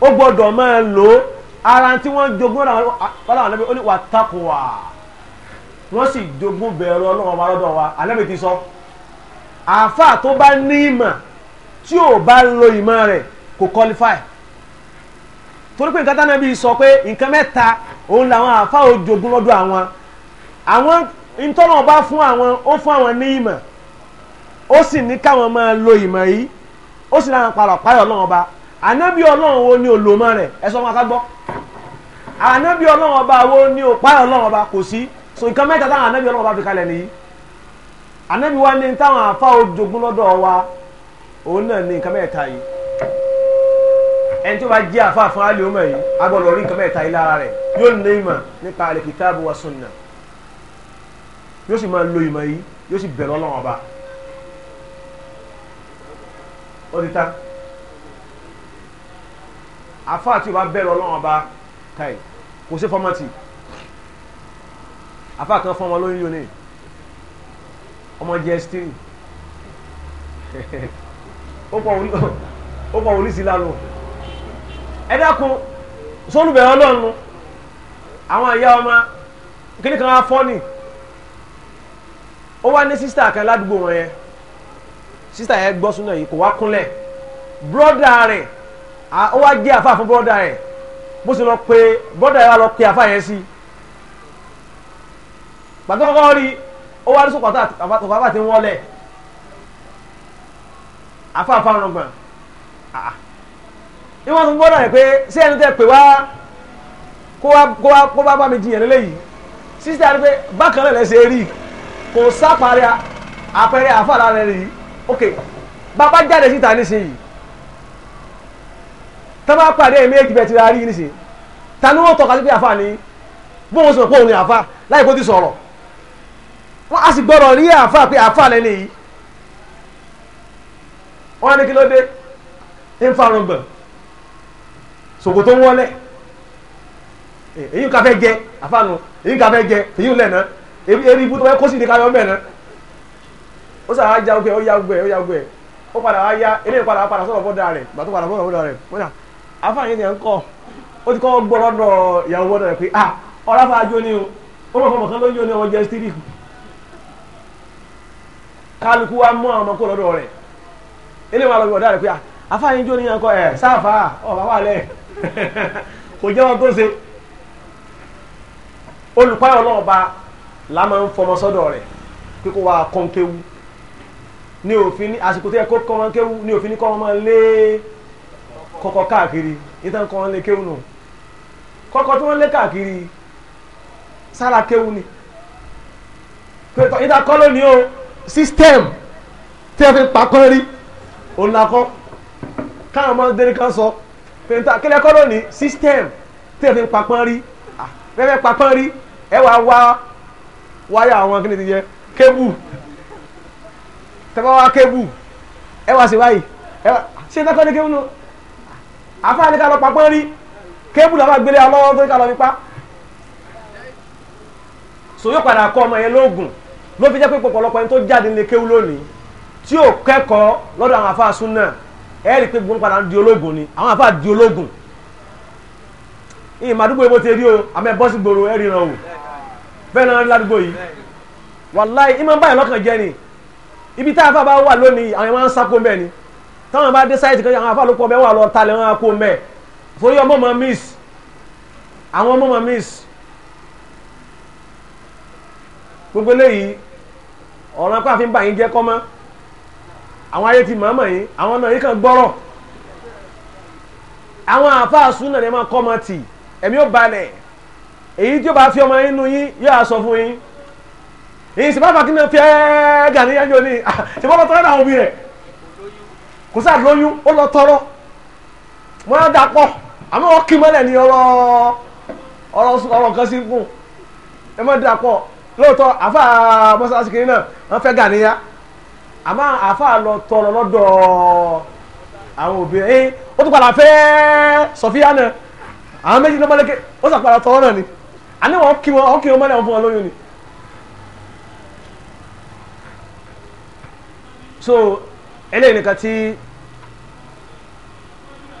ó gbọ́dọ̀ máa lò ó ara tí wọ́n jogún ọ̀làwọn anábì ó ní wà tákùwà wọ́n sì jogún bẹ̀rù ọlọ́wọ́n wa lọ́dọ̀ wa anábì ti sọ àfa tó bá ní ìmọ̀ tí ò bá lo ìmọ̀ rẹ̀ kò qualify torí pé nǹkan tánà bíi sọ pé nǹkan mẹ́ta òun làwọn àfa òjògùn lọ́dọ̀ àwọn àwọn ntọ́nà bá fún àwọn ó fún àwọn ní ìmọ̀ ó sì ní káwọn máa lo ìmọ̀ yìí ó sì láwọn parọ̀ páyọ̀ ọlọ́run ọba ànábì ọlọ́run wo ni olùmọ rẹ̀ ẹ sọ wọn ká gbọ́ ànábì ọlọ́run ọba wo ni òpáyọ̀ ọlọ́run ọba kò sí so nǹkan mẹ́ta táwọn ànábì ọlọ́run ọba fi kalẹ̀ nìyí ànábì wa ní táwọn àfa òjògùn lọ́dọ̀ wa òun náà ní nǹkan mẹ́ta yìí ẹni tó bá jẹ́ àfa fún alẹ́ ọmọ yìí agbọ̀dọ̀ rí nǹkan mẹ́ta yìí lára rẹ̀ yóò ní ìmọ̀ nípa al-kitabu wa sunna yóò sì máa lo ìmọ̀ yìí yóò sì bẹ̀rẹ̀ ọlọ́run ọba ó ti ta àfa tí o bá bẹ̀rẹ̀ ọlọ́run ọba káì kò sí fọ́mọ́tì àfa kan fọ́mọ lóyún yóò ní ọmọ jẹ́ stiri ó pọ̀ wòlísì lánàá ẹ dákun sólùbẹ̀ ọlọ́run àwọn ìyá ọmọ kíní kan wá fọ́ọ̀nì ó wá ní sísítà kan ládùúgbò wọn yẹn sísítà yẹn gbọ́ súnà yìí kò wá kúnlẹ̀ bírọ́dà rẹ̀ ó wá jẹ́ àfa fún bírọ́dà rẹ̀ bó ṣe lọ pé bírọ́dà yẹn wá lọ pé àfa yẹn sí gbàtọ́ kọ́kọ́ rí ó wá ní sọ́kọ̀tà àtọ̀kọ̀ àbá ti ń wọlé àfa àfa ọ̀rọ̀ gbọ̀n ni wọ́n tún gbọ́dọ̀ rẹ̀ pé ṣé ẹni tẹ́ pè wá kó wá kó bá bá mi jiyàn lélẹ́yìí sísítà ni pé bákan náà lẹ́sẹ̀ rí kò sápàrẹ àpẹẹrẹ àfàlà rẹ̀ rí ok bàbá jáde síta nísìnyí tá bá pàdé ẹ̀mí èjì bẹ̀ ti ra rí nísìnyí ta ni wọ́n tọ́ka sí pé àfà ni bóun sọ pé òun ni àfà láì kó ti sọ̀rọ̀ wọ́n a sì gbọ́dọ̀ rí àfà pé àfà lẹ́ni yìí wọ́n á ní kí ló dé ń farun gbọ̀n. ṣòkòtò wọlé eyi eh, kafe fẹ́ afanu eyi kafe ká fẹ́ jẹ fìyí ebi, eri ibú tó fẹ́ kó sì ká yọ mẹ́nà ó sàrà já gbẹ ó ya gbẹ ó ya gbẹ ó padà wá ya eléyìí padà padà sọ̀rọ̀ bọ́dà rẹ̀ ti kọ́ gbọ́ lọ́dọ̀ ìyàwó bọ́dà rẹ̀ pé ah o ó mọ̀ kan ló ń ni ọmọ jẹ́ kò jẹ́ wọn tó ṣe olùpáyọ̀ náà ba la máa ń fọmọ sọ́dọ̀ rẹ̀ pé kó wa kọ́ ń kéwu ní òfin ní àsìkò tó yẹ kó kọ́ wọn kéwu ní òfin ní kọ́ wọn máa lé kọ́kọ́ káàkiri nítorí kọ́ wọn lé kéwu nù kọ́kọ́ tí wọ́n lé káàkiri sára kéwu ni pé níta kọ́ lónìí o system tí wọ́n fi pa kọ́ rí òun la kọ́ káwọn ọmọdé kan sọ. So fèntà kílẹ̀ kọ́ lónìí system tẹ̀ fi ń papọ́n rí fẹ́fẹ́ papọ́n rí ẹ wá wá wáyà àwọn kí ni ti yẹ kébù tẹ́fẹ́ wá kébù ẹ wá sí báyìí ẹ wá ṣé tẹ́kọ́ ní kébù nù àfáàní ká lọ papọ́n rí kébù làwọn àgbélé ọlọ́wọ́ tó ká lọ nípa so yóò padà kọ́ ọmọ yẹn lóògùn ló fi jẹ́ pé pọ̀pọ̀lọpọ̀ ẹni tó jáde ní kéwú lónìí tí yóò kẹ́kọ̀ọ́ lọ́dọ̀ àwọn àfáà sún náà ẹ rí i pé gbogbo padà ń di ológun ni àwọn àfa di ológun ìyìn màdúgbò yìí bó ti rí o àmọ́ ẹ bọ́ sí gbòòrò ẹ ríran o bẹ́ẹ̀ náà ládùúgbò yìí wàláì ìmọ̀ báyìí lọ́kàn jẹ́ ni ibi tá àfa bá wà lónìí àwọn máa ń sáko mbẹ́ ni táwọn bá dé sáyẹ̀tì kan àwọn àfa ló pọ̀ bẹ́ẹ̀ wà lọ talẹ̀ wọn kó mbẹ́ forí ọmọ mọ miss àwọn ọmọ mọ miss gbogbo eléyìí ọ̀ràn pàfin báyìí jẹ́ kọ́mọ́ àwọn ayé ti màmá yín àwọn náà yín kan gbọ́rọ̀ àwọn àáfàá súnà ni máa kọ́ ọmọ tì ẹ̀mí ó balẹ̀ èyí tí ó bá fi ọmọ yín nu yín yóò sọ fún yín èyí sì bá bàkí náà fi ẹ́ gàní yánjọ ni ah, ṣe bọ́ lọ tọrọ àwọn òbí rẹ̀ kò sáà lóyún ó lọ tọrọ wọn á dà pọ̀ àmọ́ wọn kí mọ́lẹ̀ ní ọ̀rọ̀ ọ̀rọ̀ ọ̀rọ̀ kan sí fún ẹ mọ́ dà pọ̀ lóòótọ́ àáfàá mọ́sálásí kiri náà wọ́n fẹ́ gàní àmọ́ àáfàá lọ tọrọ lọ́dọ̀ àwọn òbí ẹ̀ eh, ó tún padà fẹ́ sọfíà náà àwọn méjì lọ́mọdé ké ó padà ni àní wọn kí wọn ọkì wọn wọn fún ni. so eléyìí nìkan tí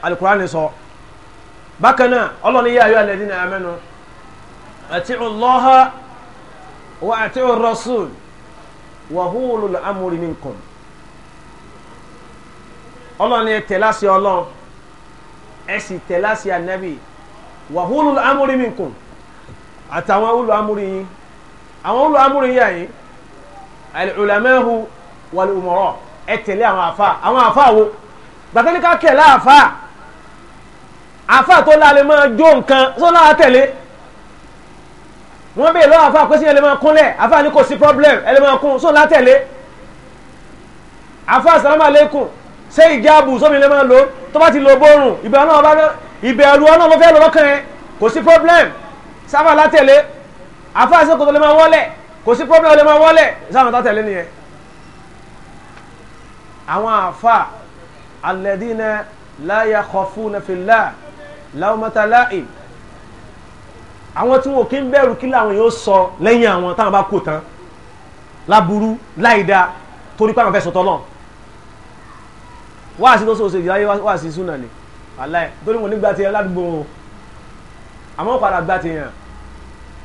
alukurani sọ bákan náà ọlọ́ni yá ayọ́ alẹ́ dín náà amẹ́nu àti ọlọ́ha wà wa hulul amri minkum ọlọ́run ni tẹ̀lé àṣẹ ọlọ́run ẹ sì tẹ̀lé àṣẹ ànábì wa hulul amri minkum àtàwọn ulul amri yín àwọn ulul amri yín yàyín al-ulama'u ẹ tẹ̀lé àwọn àfa àwọn àfa wo gbàtẹ́lẹ́ká kẹ̀lé àfa àfa tó lálẹ́ máa jó nǹkan sọ́nà àtẹ̀lé wọ́n bèèrè lọ́wọ́ àfa pé sí ẹ lè máa kúnlẹ̀ àfa ní kò sí problem ẹ lè máa kún sóun látẹ̀lé àfa assalamu alaikum ṣé ìjáàbù sómi lè máa lò tó bá ti lò bórùn ìbẹ̀rù ọ̀nà ló fẹ́ lọ lọ́kàn ẹ kò sí problem sáfà látẹ̀lé àfa ṣe kò lè máa wọ́lẹ̀ kò sí problem lè máa wọ́lẹ̀ sáfà nìyẹn. àwọn àfa alladina la yakhafuna fillah lawmata la'im àwọn tí wọn kì í bẹ̀rù kí làwọn yóò sọ lẹ́yìn àwọn táwọn bá kó tán láburú láìda torí pé àwọn fẹ́ sọtọ́ náà wáàsí tó sọ̀sọ̀ ìyáyé wáàsí súnà ni aláì torí wọn nígbà tí ẹ ládùúgbò wọn àmọ́ padà gbà tí yàn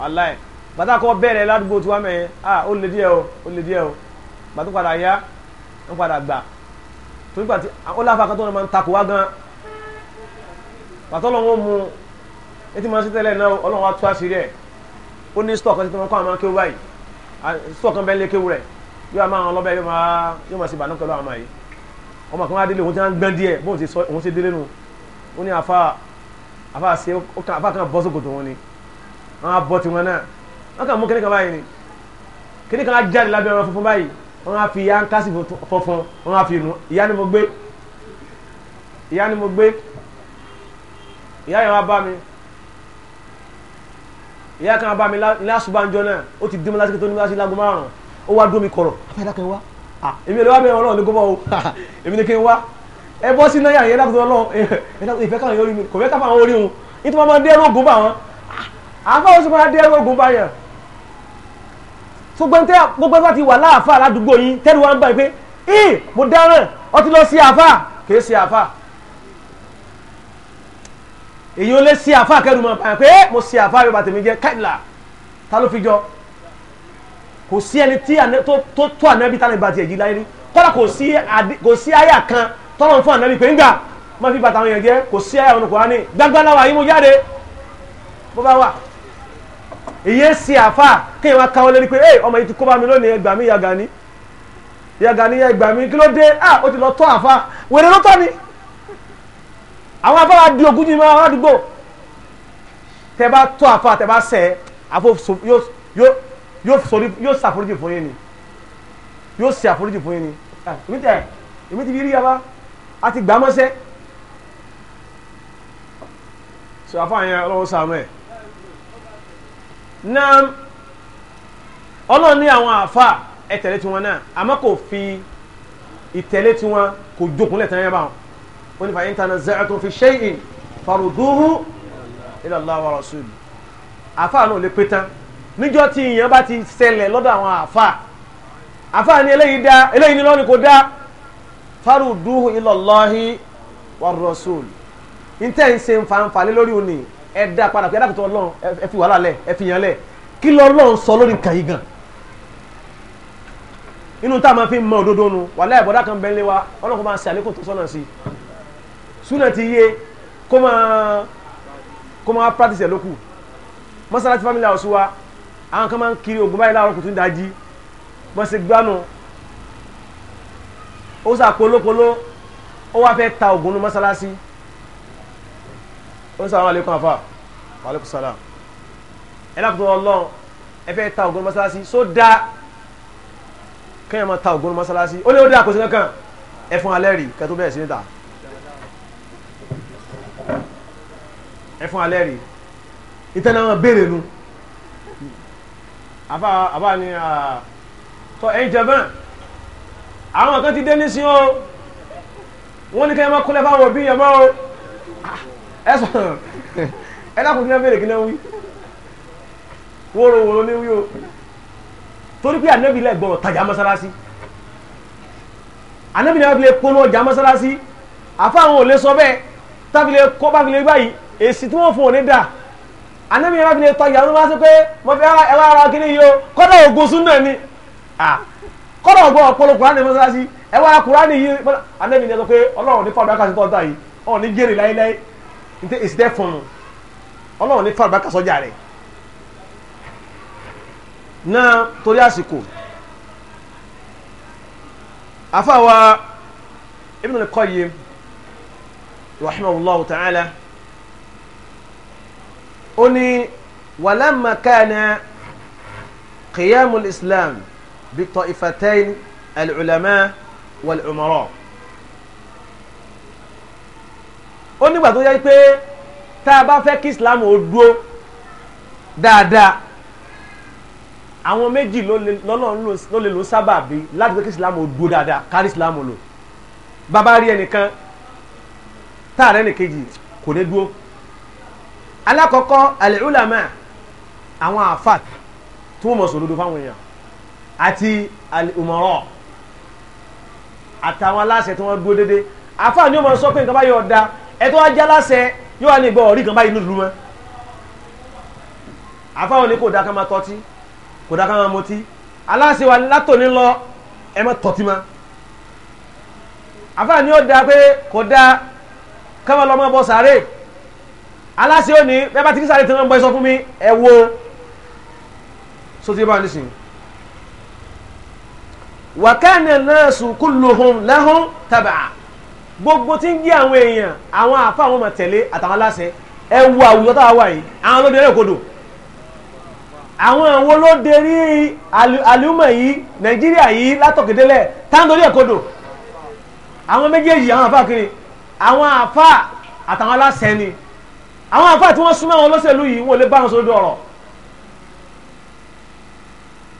aláì bàtà kọ́ bẹ̀rẹ̀ ládùúgbò tí wọ́n mẹ́yẹn ah ó lè díẹ̀ o ó lè díẹ̀ o bàtà padà yá ń padà gbà torí pàtí ó láfa kan tó máa ń takò wá gan pàtó lọ́wọ́ mu etí máa ń sítẹ́lẹ̀ náà ọlọ́run wa tú àṣírí ẹ̀ ó ní stọ̀kì tí wọ́n kọ́ àwọn akéwú báyìí stọ̀kì bẹ́ẹ̀ lé kéwú rẹ̀ yóò máa lọ́bẹ̀ yóò máa yóò máa ṣe ìbànú pẹ̀lú àwọn àyè ọmọ kan wá délé òun ti ń gbọ́n díẹ̀ bóun ti sọ òun ti délé nu ó ní afa afa ṣe afa kan bọ́ sókòtò wọn ni wọn á bọ́ tiwọn náà wọn kàn mú kíní kan báyìí ni kíní kan á jáde lábẹ́ ọ̀rọ̀ funfun báyìí wọn á fi ìyá ń kásì funfun wọn á fi ìyá yẹn wá bá mi ìyá kan bá mi lásùbánjọ náà ó ti dín mi lásìkò tó ní mi lásìkò lágbo márùn ó wá dún mi kọ̀rọ̀ afẹ́dá kan wá èmi lè wá bẹ̀rẹ̀ ọlọ́run ní gbọ́ o èmi ni kí n wá ẹ bọ́ sí náírà yẹn lákòótọ́ ọlọ́run eh, ìfẹ́ káwọn yóò rí mi kò fẹ́ káfà wọn orí wọn nítorí wọn máa dé ẹrú ògùn bá wọn àfọwọ́ sí máa dé ẹrú ògùn bá yẹn fúgbọ́n tẹ́ gbogbo ẹgbẹ́ ti wà láàfà ládùúgbò yín tẹ́lu wa ń bá yín pé ì mo dáràn ọtí lọ sí àfà kì í sí àfà èyí ó lé sí àfa kẹrù mọ báyìí pé mo sí àfa yorùbá tèmi jẹ káìlà ta ló fi jọ kò sí ẹni tí tó tó ànábì tá lè bàtì ẹ̀jí láyé rí kọ́lá kò sí àyà kan tọ́lọ̀ fún ànábì pé ńgbà má fi bàtà àwọn èèyàn jẹ kò sí àyà ọ̀nà Kùránì gbangba wa yìí mo jáde bó bá wà èyí sí àfa kéèyàn wá káwọ́ lérí pé ẹ ọmọ yìí ti kó bá mi lónìí ẹgbàá mi yàgàní yàgàní ẹgbàá mi kí ló dé ah ó ti lọ tọ́ àfa wèrè ló tọ́ ni àwọn afáwà di ogójì mọ́ àwọn àdúgbò tẹ bá tọ́ àfa tẹ bá sẹ́ àfọ yóò ṣàforíjì fún yín ni yóò ṣe àforíjì fún yín ni èmi tẹ èmi ti fi rí yaba a ti gbà mọ́sẹ́ sọ àfa yẹn ọlọ́wọ́ sàmú ẹ̀ náà ọlọ́run ní àwọn àfa ẹ̀ tẹ̀lé tiwọn náà àmọ́ kò fi ìtẹ̀lé tiwọn kò jókòó lẹ̀ yẹn báwọn wọ́n ní fa in tanaza'tum fi shay'in farudduhu ila Allah wa rasul àfáà náà lè pé tán níjọ́ tí ìyẹn bá ti ṣẹlẹ̀ lọ́dọ̀ àwọn àfáà àfáà ní eléyìí dá eléyìí ní lọ́ni kò dá farudduhu ila padà pé ẹ dákòtò ọlọ́run ẹ wàhálà lẹ̀ ẹ yàn lẹ̀ kí lọ́lọ́run sọ lórí nǹkan yìí gan inú táwọn máa fi mọ òdodo nu wàhálà ìbọ̀dá kan bẹ́ẹ̀ lé wa ọlọ́run kò máa ṣe àlékún tó sọ́nà sí i súnà ti yé kó máa kó máa practice ẹ̀ lókù mọ́sálásí family house wa àwọn kan máa ń kiri ògùn báyìí láwọn kò tún dájí wọ́n sì gbánu ó sà polópoló ó wá fẹ́ ta ògùn ní mọ́sálásí ó ń sàwọn àlékún àfà wàlékún sàlám ẹ lápùtò ọlọ́run ẹ fẹ́ ta ògùn ní mọ́sálásí só dáa kéèyàn máa ta ògùn ní mọ́sálásí ó ní ó dáa kò sí kankan ẹ fún alẹ́ rí kẹ́tó bẹ̀rẹ̀ sí níta. ẹ fún alẹ́ rí ìtẹ́nà wọn béèrè nu àbá àbá ni tọ ẹ̀yin jẹ̀bẹ́n àwọn kan ti dé ní sí o wọ́n ní kí ẹ má kúnlẹ̀ fáwọn òbí yẹn mọ́ o ẹ sọ ẹ dákun kí náà béèrè kí náà wí wóró wóró ní wí o torí pé ànábì lẹ́gbọ̀n tajà mọ́sálásí ànábì lẹ́gbọ̀n tajà mọ́sálásí àfa àwọn ò lè sọ bẹ́ẹ̀ tábìlẹ̀ kọ́ bá fi èsì tí wọ́n fún òní dà anábì yẹn bá fi lè tọ́jà ló máa ń sọ pé wọ́n fi ẹ wá ara kíní yìí o kọ́dọ̀ ògùn súnà ni kọ́dọ̀ ògùn ọ̀pọ̀lọ̀ kùránì mọ́sálásí ẹ wá kùránì yìí anábì yẹn sọ pé ọlọ́run ní fàdúrà kàṣí tọ́ta yìí ọ̀run ní jèrè láéláé èsì tẹ́ fún un ọlọ́run ní fàdúrà kàṣí ọjà rẹ̀ náà torí àsìkò àfàwà Ibn al-Qayyim rahimahullahu ta'ala ó ní walamma kana qiyamu islam bi ta'ifatain al-ulama wal-umara ó nígbà tó yẹ pé tá a bá fẹ́ kí islam ó dúró dáadáa àwọn méjì lọ́lọ́run ló lè lò sábàbí láti fẹ́ kí islam ó dúró dáadáa kárí islam lò bàbá rí ẹnìkan táàrẹ́ nìkejì kò ní dúró alákọ̀ọ́kọ́ al-ulama àwọn àfàt tí wọ́n mọ̀ sòdodo fáwọn èèyàn àti al-umara àtàwọn aláṣẹ tí wọ́n dúró dédé àfàt ni ó mọ̀ sọ pé nǹkan báyìí ọ̀dà ẹ̀tọ́ ajá aláṣẹ yóò wá ní ìgbọ́ ọ̀rí nǹkan báyìí nílùú mọ́ àfàt wọn ni kò dá ká máa tọ́tí kò dá ká máa mutí aláṣẹ wa látòní lọ ẹ má tọ́tí mọ́ àfàt ni ó dá pé kò dá ká bọ́ sàárè aláṣẹ ò ní bá ti ń sáré tí wọ́n ń bọ́ fún mi ẹ wo sotí bá nísìnyí. wa kana an-nasu kulluhum lahum tab'a gbogbo tí ń gbé àwọn èèyàn àwọn àfa àwọn ọmọ tẹ̀lé àtàwọn aláṣẹ ẹ wo àwùjọ tá a wà yìí àwọn ló dérè kodò àwọn àwo ló dérí àlùmọ̀ yìí nàìjíríà yìí látọ̀kẹ́dẹ́lẹ̀ táńdórí ẹ̀ kodò àwọn méjèèjì àwọn àfa kiri àwọn àfa àtàwọn aláṣẹ ni àwọn àfáà tí wọ́n súnmọ́ àwọn olóṣèlú yìí wọn ò lè bá wọn sódò ọ̀rọ̀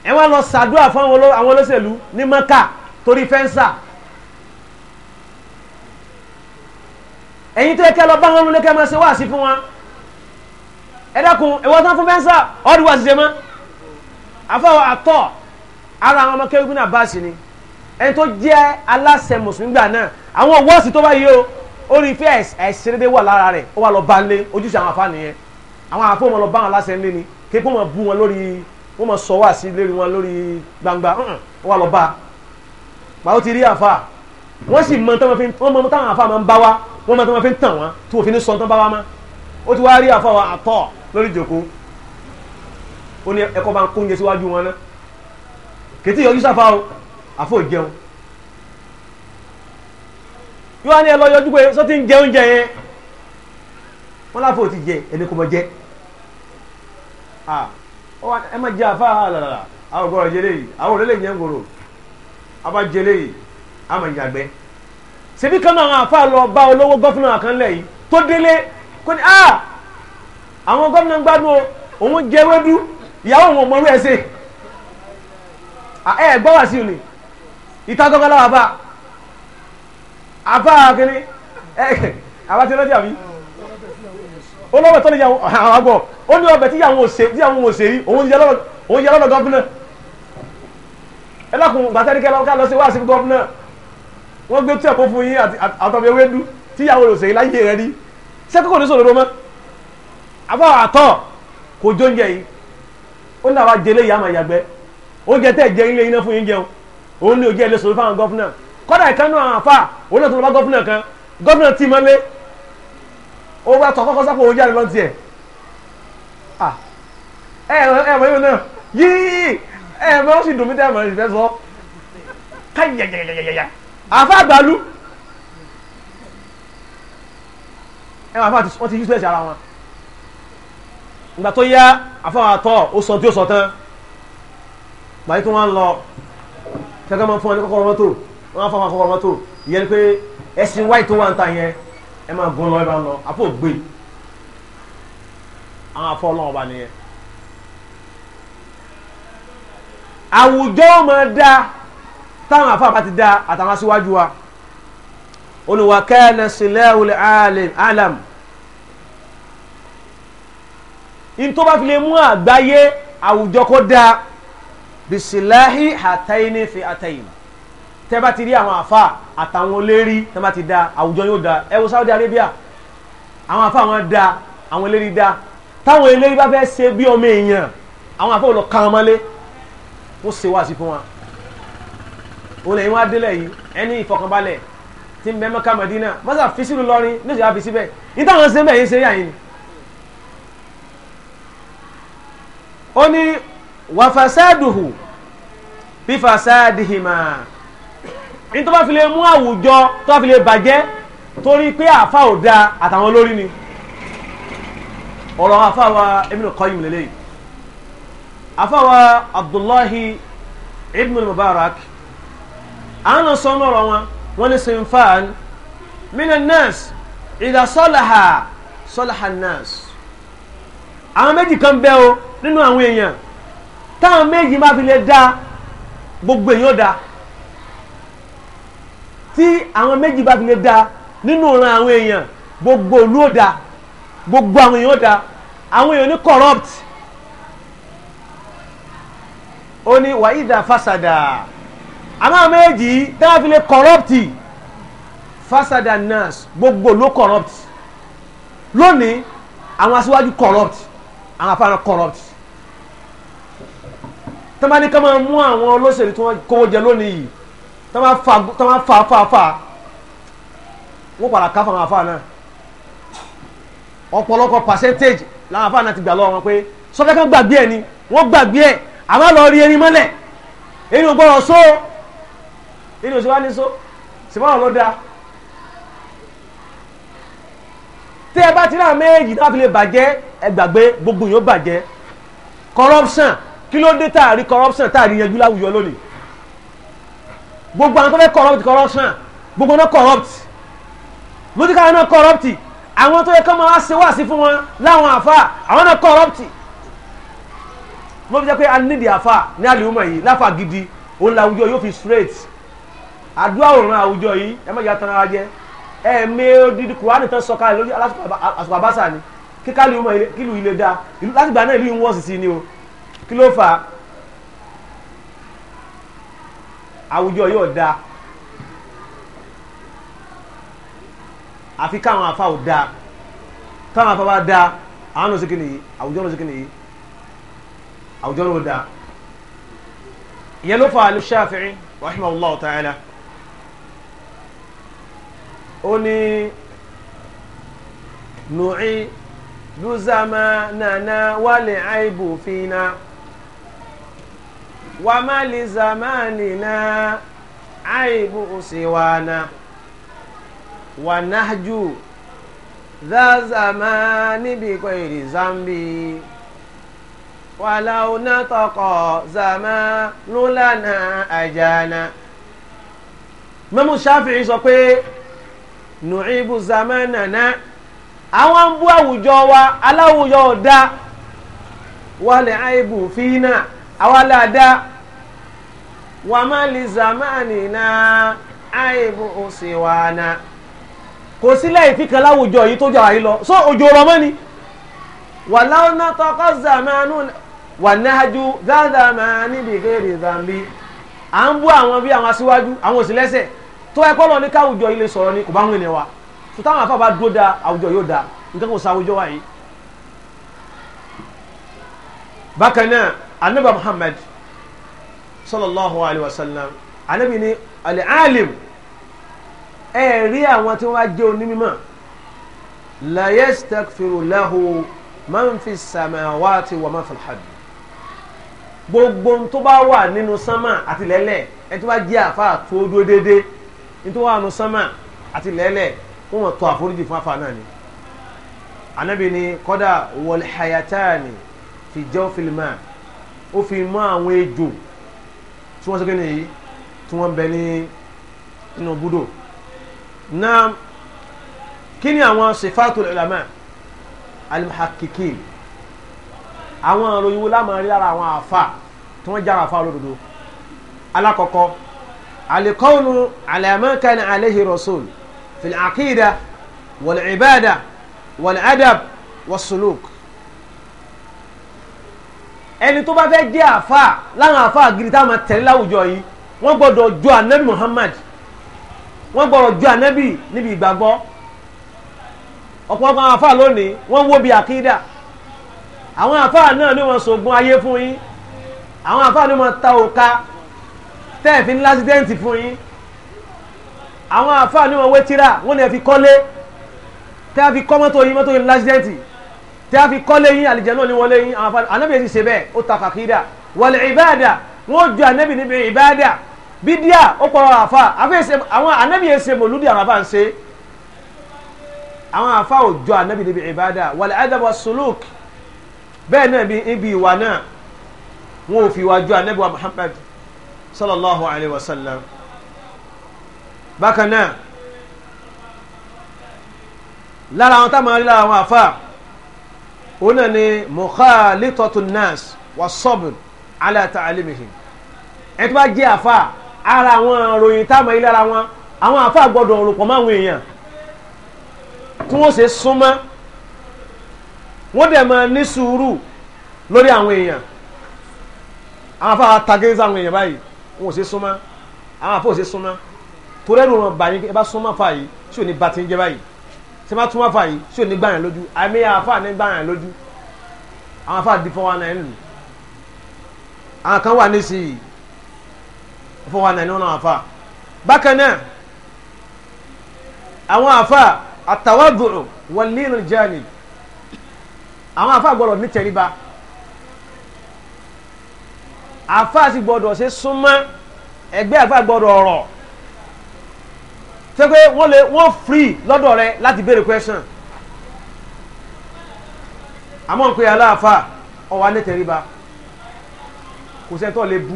ẹ wá lọ ṣàdúrà fún àwọn olóṣèlú ní mọ́kà torí fẹ́ńsà ẹ̀yin tó yẹ kẹ́ lọ bá wọn lulẹ̀ kẹ́ máa ṣe wáàsí fún wọn ẹ dákun ìwọ tán fún fẹ́ńsà ọ̀dù wá ṣiṣẹ́ mọ́ àfọwọ́ àtọ̀ ara àwọn ọmọ kẹ́wé a báàsì ni ẹni tó jẹ́ aláṣẹ mùsùlùmí gbà náà àwọn wọ́ọ̀sì tó bá yí o ó rí pé àìṣedédé wà lára rẹ̀ ó wà lọ bá lé ojúṣe àwọn àfáà nìyẹn àwọn àfọ ọmọ lọ bá wọn láṣẹ ńlé ni kí kó mọ bú wọn lórí wọn mọ sọ wá sí lérí wọn lórí gbangba ó wà lọ bá pàtó ti rí àfáà wọ́n sì mọ táwọn fi wọ́n mọ táwọn àfáà máa ń bá wa wọ́n mọ táwọn fi ń tàn wọ́n tó òfin ní sọ tán bá wa mọ́ ó ti wá rí àfáà wa àtọ̀ lórí ìjòkó ó ní ẹ̀kọ́ bá ń kóúnjẹ síwájú wọn náà kètì yọjú sáfà o àfọ̀ jẹun yóò wá ní ẹ lọ yọjú pé sọ ti ń jẹ oúnjẹ yẹn wọn láfi ò ti jẹ ẹni kò mọ jẹ ẹ má jẹ àfa àlàlà àwọn ògbọ́rọ̀ jẹ léyìí àwọn òrẹ́lẹ̀ yẹn ń gòrò àbá jẹ léyìí àmọ̀ ìyàgbẹ́ ṣebí kan náà àwọn àfa lọ bá olówó gọ́fúnà kan lẹ̀ yìí tó délé kò ní àwọn gómìnà gbádùn o òun jẹ wédú ìyàwó òun ò mọ̀rú ẹ̀ ṣe ẹ̀ gbọ́ wá sí i ìta gọ́gọ́ láwàá bá a àbá kínní àbá tí ó lọ́jà mi olóòwò tó lè yà àwọn àgbọ̀ ó ní ọbẹ̀ tí àwọn ò ṣe rí òun yẹ lọ́dọ̀ gọ́fúnà ẹlọ́kùn gbàtẹ́ríkẹ́ lọ́ká lọ sí wá sí gọ́fúnà wọ́n gbé tí ẹ̀kọ́ fún yín àtọ̀bẹ̀ ewédú tí àwọn ò se rí láyé rẹ rí sẹ́kọ̀ọ́ ní sòdodo mọ́ àbá àtọ̀ kò jó oúnjẹ yìí dele ní àwa jẹ lé ìyá àmàyàgbẹ́ oúnjẹ tẹ́ jẹ ilé iná fún yín jẹun òun ní ojú ẹ̀ lè sòrò fáwọn gọ́fúnà kọ́dà ìkànnì àwọn àfa òun náà tó lọ bá gọ́fúnà kan gọ́fúnà tí mọ́lé ó bá tọ́ kọ́kọ́ sápò òun jáde lọ́n tiẹ̀ ẹ ẹ mọ yóò náà yíyí ẹ mọ ó sì dùn mí tẹ́ ẹ mọ ìfẹ́ sọ káyàyàyàyàyà àfa àgbàlú ẹ wọn àfa wọn ti useless ara wọn ìgbà tó yá àfa wọn àtọ ó sọ tí ó sọ tán gbàyí tó wọn lọ kẹkẹ máa fún wọn ní kọ́kọ́rọ́ mọ́tò wọ́n á fọwọ́ fọwọ́ mọ́tò ìyẹn ni pé ẹṣin wáyé tó wà ń ta yẹn ẹ máa gun lọ ẹ máa lọ àpò gbé àwọn afọ ọlọ́wọ́ bá nìyẹn. àwùjọ máa dá táwọn afọ àbá ti dá àtàwọn aṣíwájú wa olùwàkẹ́ẹ̀nà sílẹ̀ olè alam in fi lè mú àgbáyé àwùjọ kó dáa bisilahi hataini fi ataini tẹ́ bá ti rí àwọn àfa àtàwọn olérí tẹ́ bá ti da àwùjọ yóò da ẹ wo Saudi Arabia àwọn àfa àwọn da àwọn olérí da táwọn eléyìí bá fẹ́ ṣe bí ọmọ èèyàn àwọn àfọwọ́ lọ ka wọn mọ́lé ó ṣe wá sí fún wa òun lẹ́yìn wá délẹ̀ yìí ẹni ìfọkànbalẹ̀ tí ń bẹ Mẹ́kà Mẹ́dínà mọ́sá fi sílùú lọ́rin ní ìṣòwò àfi síbẹ̀ yìí táwọn ṣe mẹ́yìn ṣe yàyìn. ó ní wàfàṣádùhù bí fàṣádìhìmà ní tó bá fi lè mú àwùjọ tó bá fi lè bàjẹ́ torí pé àfa ò dáa àtàwọn olórí ni ọ̀rọ̀ àfa wa Ibn Qayyim lélẹ́yìn àfa wa Abdullahi Ibn Mubarak àwọn náà sọ ọ́nà ọ̀rọ̀ wọn wọ́n ní sinfan minan nas idha salaha salaha nas àwọn méjì kan bẹ́ o nínú àwọn èèyàn táwọn méjì má fi lè dá gbogbo èèyàn dáa tí àwọn méjì bá fi lè da nínú ran àwọn èèyàn gbogbo ìlú ó da gbogbo àwọn èèyàn ó da àwọn èèyàn ní corrupt ó ní wàhídà fásádà àmọ́ àwọn méjì tí wọ́n fi lè corrupt fásádà nurse gbogbo ló corrupt lónìí àwọn aṣíwájú corrupt àwọn afárá corrupt tọ́mọ́ni ká máa mú àwọn olóṣèlú tí wọ́n kówó jẹ lónìí yìí tó máa fa tó máa fa fa fa wọ́n padà ká fáwọn àfa náà ọ̀pọ̀lọpọ̀ percentage làwọn àfa náà ti gbà lọ́wọ́ wọn pé sọfẹ́ kan gbàgbé ẹ̀ ni wọ́n gbàgbé ẹ̀ àmọ́ lọ rí erin mọ́lẹ̀ erin ò gbọ́dọ̀ só erin ò sì wá ní só ló dáa tí ẹ bá ti náà méjì tá a fi lè bàjẹ́ ẹ gbàgbé gbogbo yóò bàjẹ́ corruption kí ló dé tá a rí corruption tá a rí yanjú láwùjọ lónìí gbogbo àwọn tó fẹ́ corrupt corruption gbogbo náà corrupt mọ́tíkàlá náà corrupt àwọn tó yẹ kọ́ máa wá ṣe wáàsí fún wọn láwọn àfa àwọn náà corrupt mo fi jẹ́ pé a nídìí àfa ní àlùmọ̀ yìí láfa gidi òun làwùjọ yóò fi straight àdúrà òòrùn àwùjọ yìí ẹ má yà tán ara jẹ ẹ mẹ́ẹ́ dídí kùránì tán sọ̀kalẹ̀ lórí àsùkò àbáṣà ni kíkálù ilé dáa láti gbà náà ìlú yìí ń wọ́ọ̀sì sí ni o kí ló fà á àwùjọ yóò dáa àfi káwọn afa ò dáa káwọn afa bá dáa àwọn ló sèkìnnì yìí àwùjọ ló sèkìnnì yìí àwùjọ ló dáa ìyẹn ló fa al-Shafi'i rahimahullahu ta'ala ó ní nùcí lùzàmánàná wal aibu fínà. وما لزماننا عيب سوانا ونهجو ذا زمان بغير ذنب ولو نطق زمان لنا أجانا mẹ́mú ṣáfìrí sọ pé nùhìbù zamanana àwọn ń bú àwùjọ wa aláwùjọ ọ̀dá wàlẹ̀ àìbù fínà àwa láàdá wà má lè zamani náà àìbò òsè wà náà kò sílẹ̀ ìfikàn láwùjọ yìí tó jà yìí lọ so òjò ọmọ ni wà láwọn náà tọkọ zamanu wà náàjú zazamani bìkẹ́rì zambi à ń bú àwọn bí àwọn aṣíwájú àwọn òsì lẹ́sẹ̀ tó ẹ kọ́ lọ ní káwùjọ yìí lè sọ̀rọ̀ ni kò bá wọn ènìyàn wa tó táwọn afá dúró da àwùjọ yóò da nǹkan kò sa àwùjọ wa yìí bákan náà anaba muhammad sallallahu alayhi wa sallam anabi ni al-alim ẹ rí àwọn tí wọ́n jẹ́ onímọ̀ la yastaghfiru lahu man fi samawati wa man fil hadu gbogbo tó bá wà nínú sánmà àti lẹ́lẹ̀ ẹ tó bá jẹ́ àfa tó dúró déédéé nítorí wà nínú sánmà àti lẹ́lẹ̀ wọ́n mọ̀ tó àforíjì fún afa náà ni anabi ni kọ́dà wal hayatani fi jawfil ma ó fi mọ́ àwọn ejò tí wọ́n ṣe kéde yìí tí wọ́n bẹ ní inú búdò náà kí ni àwọn sifatul ulama alimuhakikin àwọn ìròyìn wo lámàá rí lára àwọn àfa tí wọ́n jára àfa olódodo alákọ̀ọ́kọ́ alikọ́ọ̀nù alamakan alayhi rasul fil aqida ibada wal adab was ẹni tó bá fẹ́ jẹ́ àáfàá láwọn àáfàá gidi tá a máa tẹ̀lé láwùjọ yìí wọ́n gbọ́dọ̀ jọ anabi Muhammad wọ́n gbọ́dọ̀ jọ anabi níbi ìgbàgbọ́ ọ̀pọ̀lọpọ̀ àwọn àáfàá lónìí wọ́n wó bi àkídà àwọn àáfàá náà ni wọ́n sògùn ayé fún yín àwọn àáfàá ni wọ́n ta òka tẹ́ẹ̀fì ní lásìdẹ́ǹtì fún yín àwọn àáfàá ni wọ́n wé tíra wọ́n ní ẹ fi kọ́lé tẹ́ẹ̀ kọ́ mọ́tò yín mọ́tò yín lásìdẹ́ǹtì tí a fi kọ́lé yín àlìjẹ́ náà ní wọlé yín àwọn afáàní anábìyẹ ti ṣe bẹ́ẹ̀ ó ta kàkídà wọlé ìbáàdà wọ́n ju anábì níbi ìbáàdà bídíà ó pọ̀ àfa àwọn anábìyẹ ṣe mòlúdì àwọn afáà ń ṣe àwọn afáà ò ju anábì níbi ìbáàdà wọlé adab suluk bẹ́ẹ̀ náà ibi ìwà náà wọn ò fi wá ju anábì wa Muhammad sallallahu alayhi wa sallam bákan náà lára àwọn táwọn arí lára àwọn afáà òun náà ni mukhalifatu nas wa sabr ala ta'alimihim ẹ tó bá jẹ́ àfa ara àwọn ròyìn táwọn ilé ara wọn àwọn àfa gbọ́dọ̀ òrùpọ̀ máwọn èèyàn tí wọ́n ṣe súnmọ́ wọ́n dẹ̀ máa ní sùúrù lórí àwọn èèyàn àwọn afa tagéza àwọn èèyàn báyìí wọn ò ṣe àwọn afa ò ṣe súnmọ́ torẹ́rù wọn bàyìn ẹ bá súnmọ́ fà yìí tí ò ní bàtí ń jẹ báyìí sẹ́mi àtúmọ̀ afa yìí sí òní gbàyàn lójú àmì afa ní gbàyàn lójú àwọn afa di four one nine lù àwọn kan wà nísìnyí four one nine wọn náà afa bákan náà àwọn afa àtàwádùrù wọlé ní jáde àwọn afa gbọdọ̀ ní tẹríba afa sì gbọdọ̀ ṣe súnmọ́ ẹgbẹ́ afa gbọdọ̀ ọ̀rọ̀ ṣé pé wọ́n lè wọ́n free lọ́dọ̀ rẹ láti béèrè question àmọ́ nǹkan aláàfà ọwọ́ alẹ́ tẹríba kò sẹ́ńtọ́ lè bú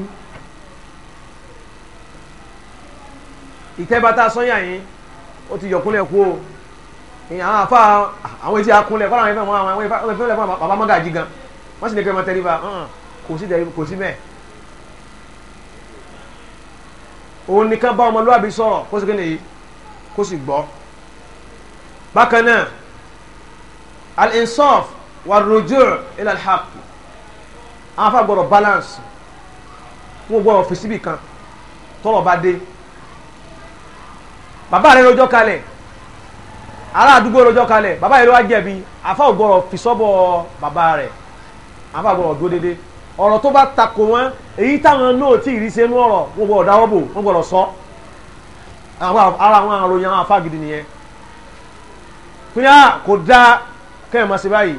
ìtẹ́bátá sọ́yà yín ó ti yọ̀kúnlẹ̀ kú o ìyẹn àwọn afa àwọn etí akunlẹ̀ kọ́ àwọn ẹ̀fẹ̀ mọ́ àwọn ẹ̀fẹ̀ lẹ̀ fún baba magaji gan wọ́n sì lè kẹ́ ọmọ tẹríba kò sí tẹríba kò sí mẹ́ẹ̀. òun nìkan bá ọmọlúwàbí sọ̀rọ̀ kó sì kéde yìí kó sì gbọ́ bákan náà al-insaf wa ruju' ila al-haq àwọn afa gbọ́dọ̀ balance wọn gbọ́dọ̀ fèsì bì kan tọ́rọ̀ bá dé bàbá rẹ lọ́jọ́ kalẹ̀ ará àdúgbò lọ́jọ́ kalẹ̀ bàbá yẹn ló wá jẹ̀bi afa gbọ́dọ̀ fisọ́bọ̀ bàbá rẹ̀ afa gbọ́dọ̀ dúró déédéé ọ̀rọ̀ tó bá takò wọn èyí táwọn náà tí ì rí sẹ́nu ọ̀rọ̀ wọn gbọ́dọ̀ dáwọ́ bò wọn gbọ́dọ̀ sọ ara àwọn àròyìn àwọn afá gidi nìyẹn pé a ah, kò dáa kẹ́hìn máa ṣe báyìí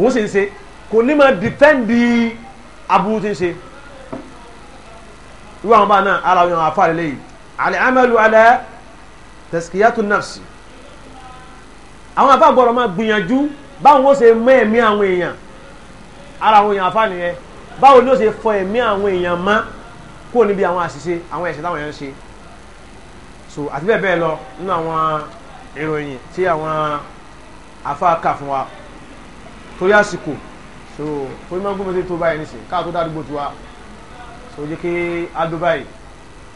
òun sì ń ṣe kò ní máa dìtẹ́ǹdì aburú tí ń ṣe irú àwọn bá náà ara àwọn afá rẹ̀ lẹ́yìn àlẹ́ amẹ́lu alẹ́ tẹ̀síkìyàtú nafsi àwọn afá gbọ́dọ̀ máa gbìyànjú báwọn ó ṣe mọ ẹ̀mí àwọn èèyàn ara àwọn èèyàn afá nìyẹn báwo ni ó ṣe fọ ẹ̀mí àwọn èèyàn mọ́ kó níbi àwọn àṣìṣe àwọn ẹ̀ṣẹ̀ táwọn èèyàn ń ṣe so àti bẹ́ẹ̀ bẹ́ẹ̀ lọ nínú àwọn ìròyìn tí àwọn afa kà fún wa torí àsìkò so fún mímọ́ gbọ́mọ́ sí tó báyìí nìsín káà tó dádúgbò tiwa so jẹ́ kí adúbáyì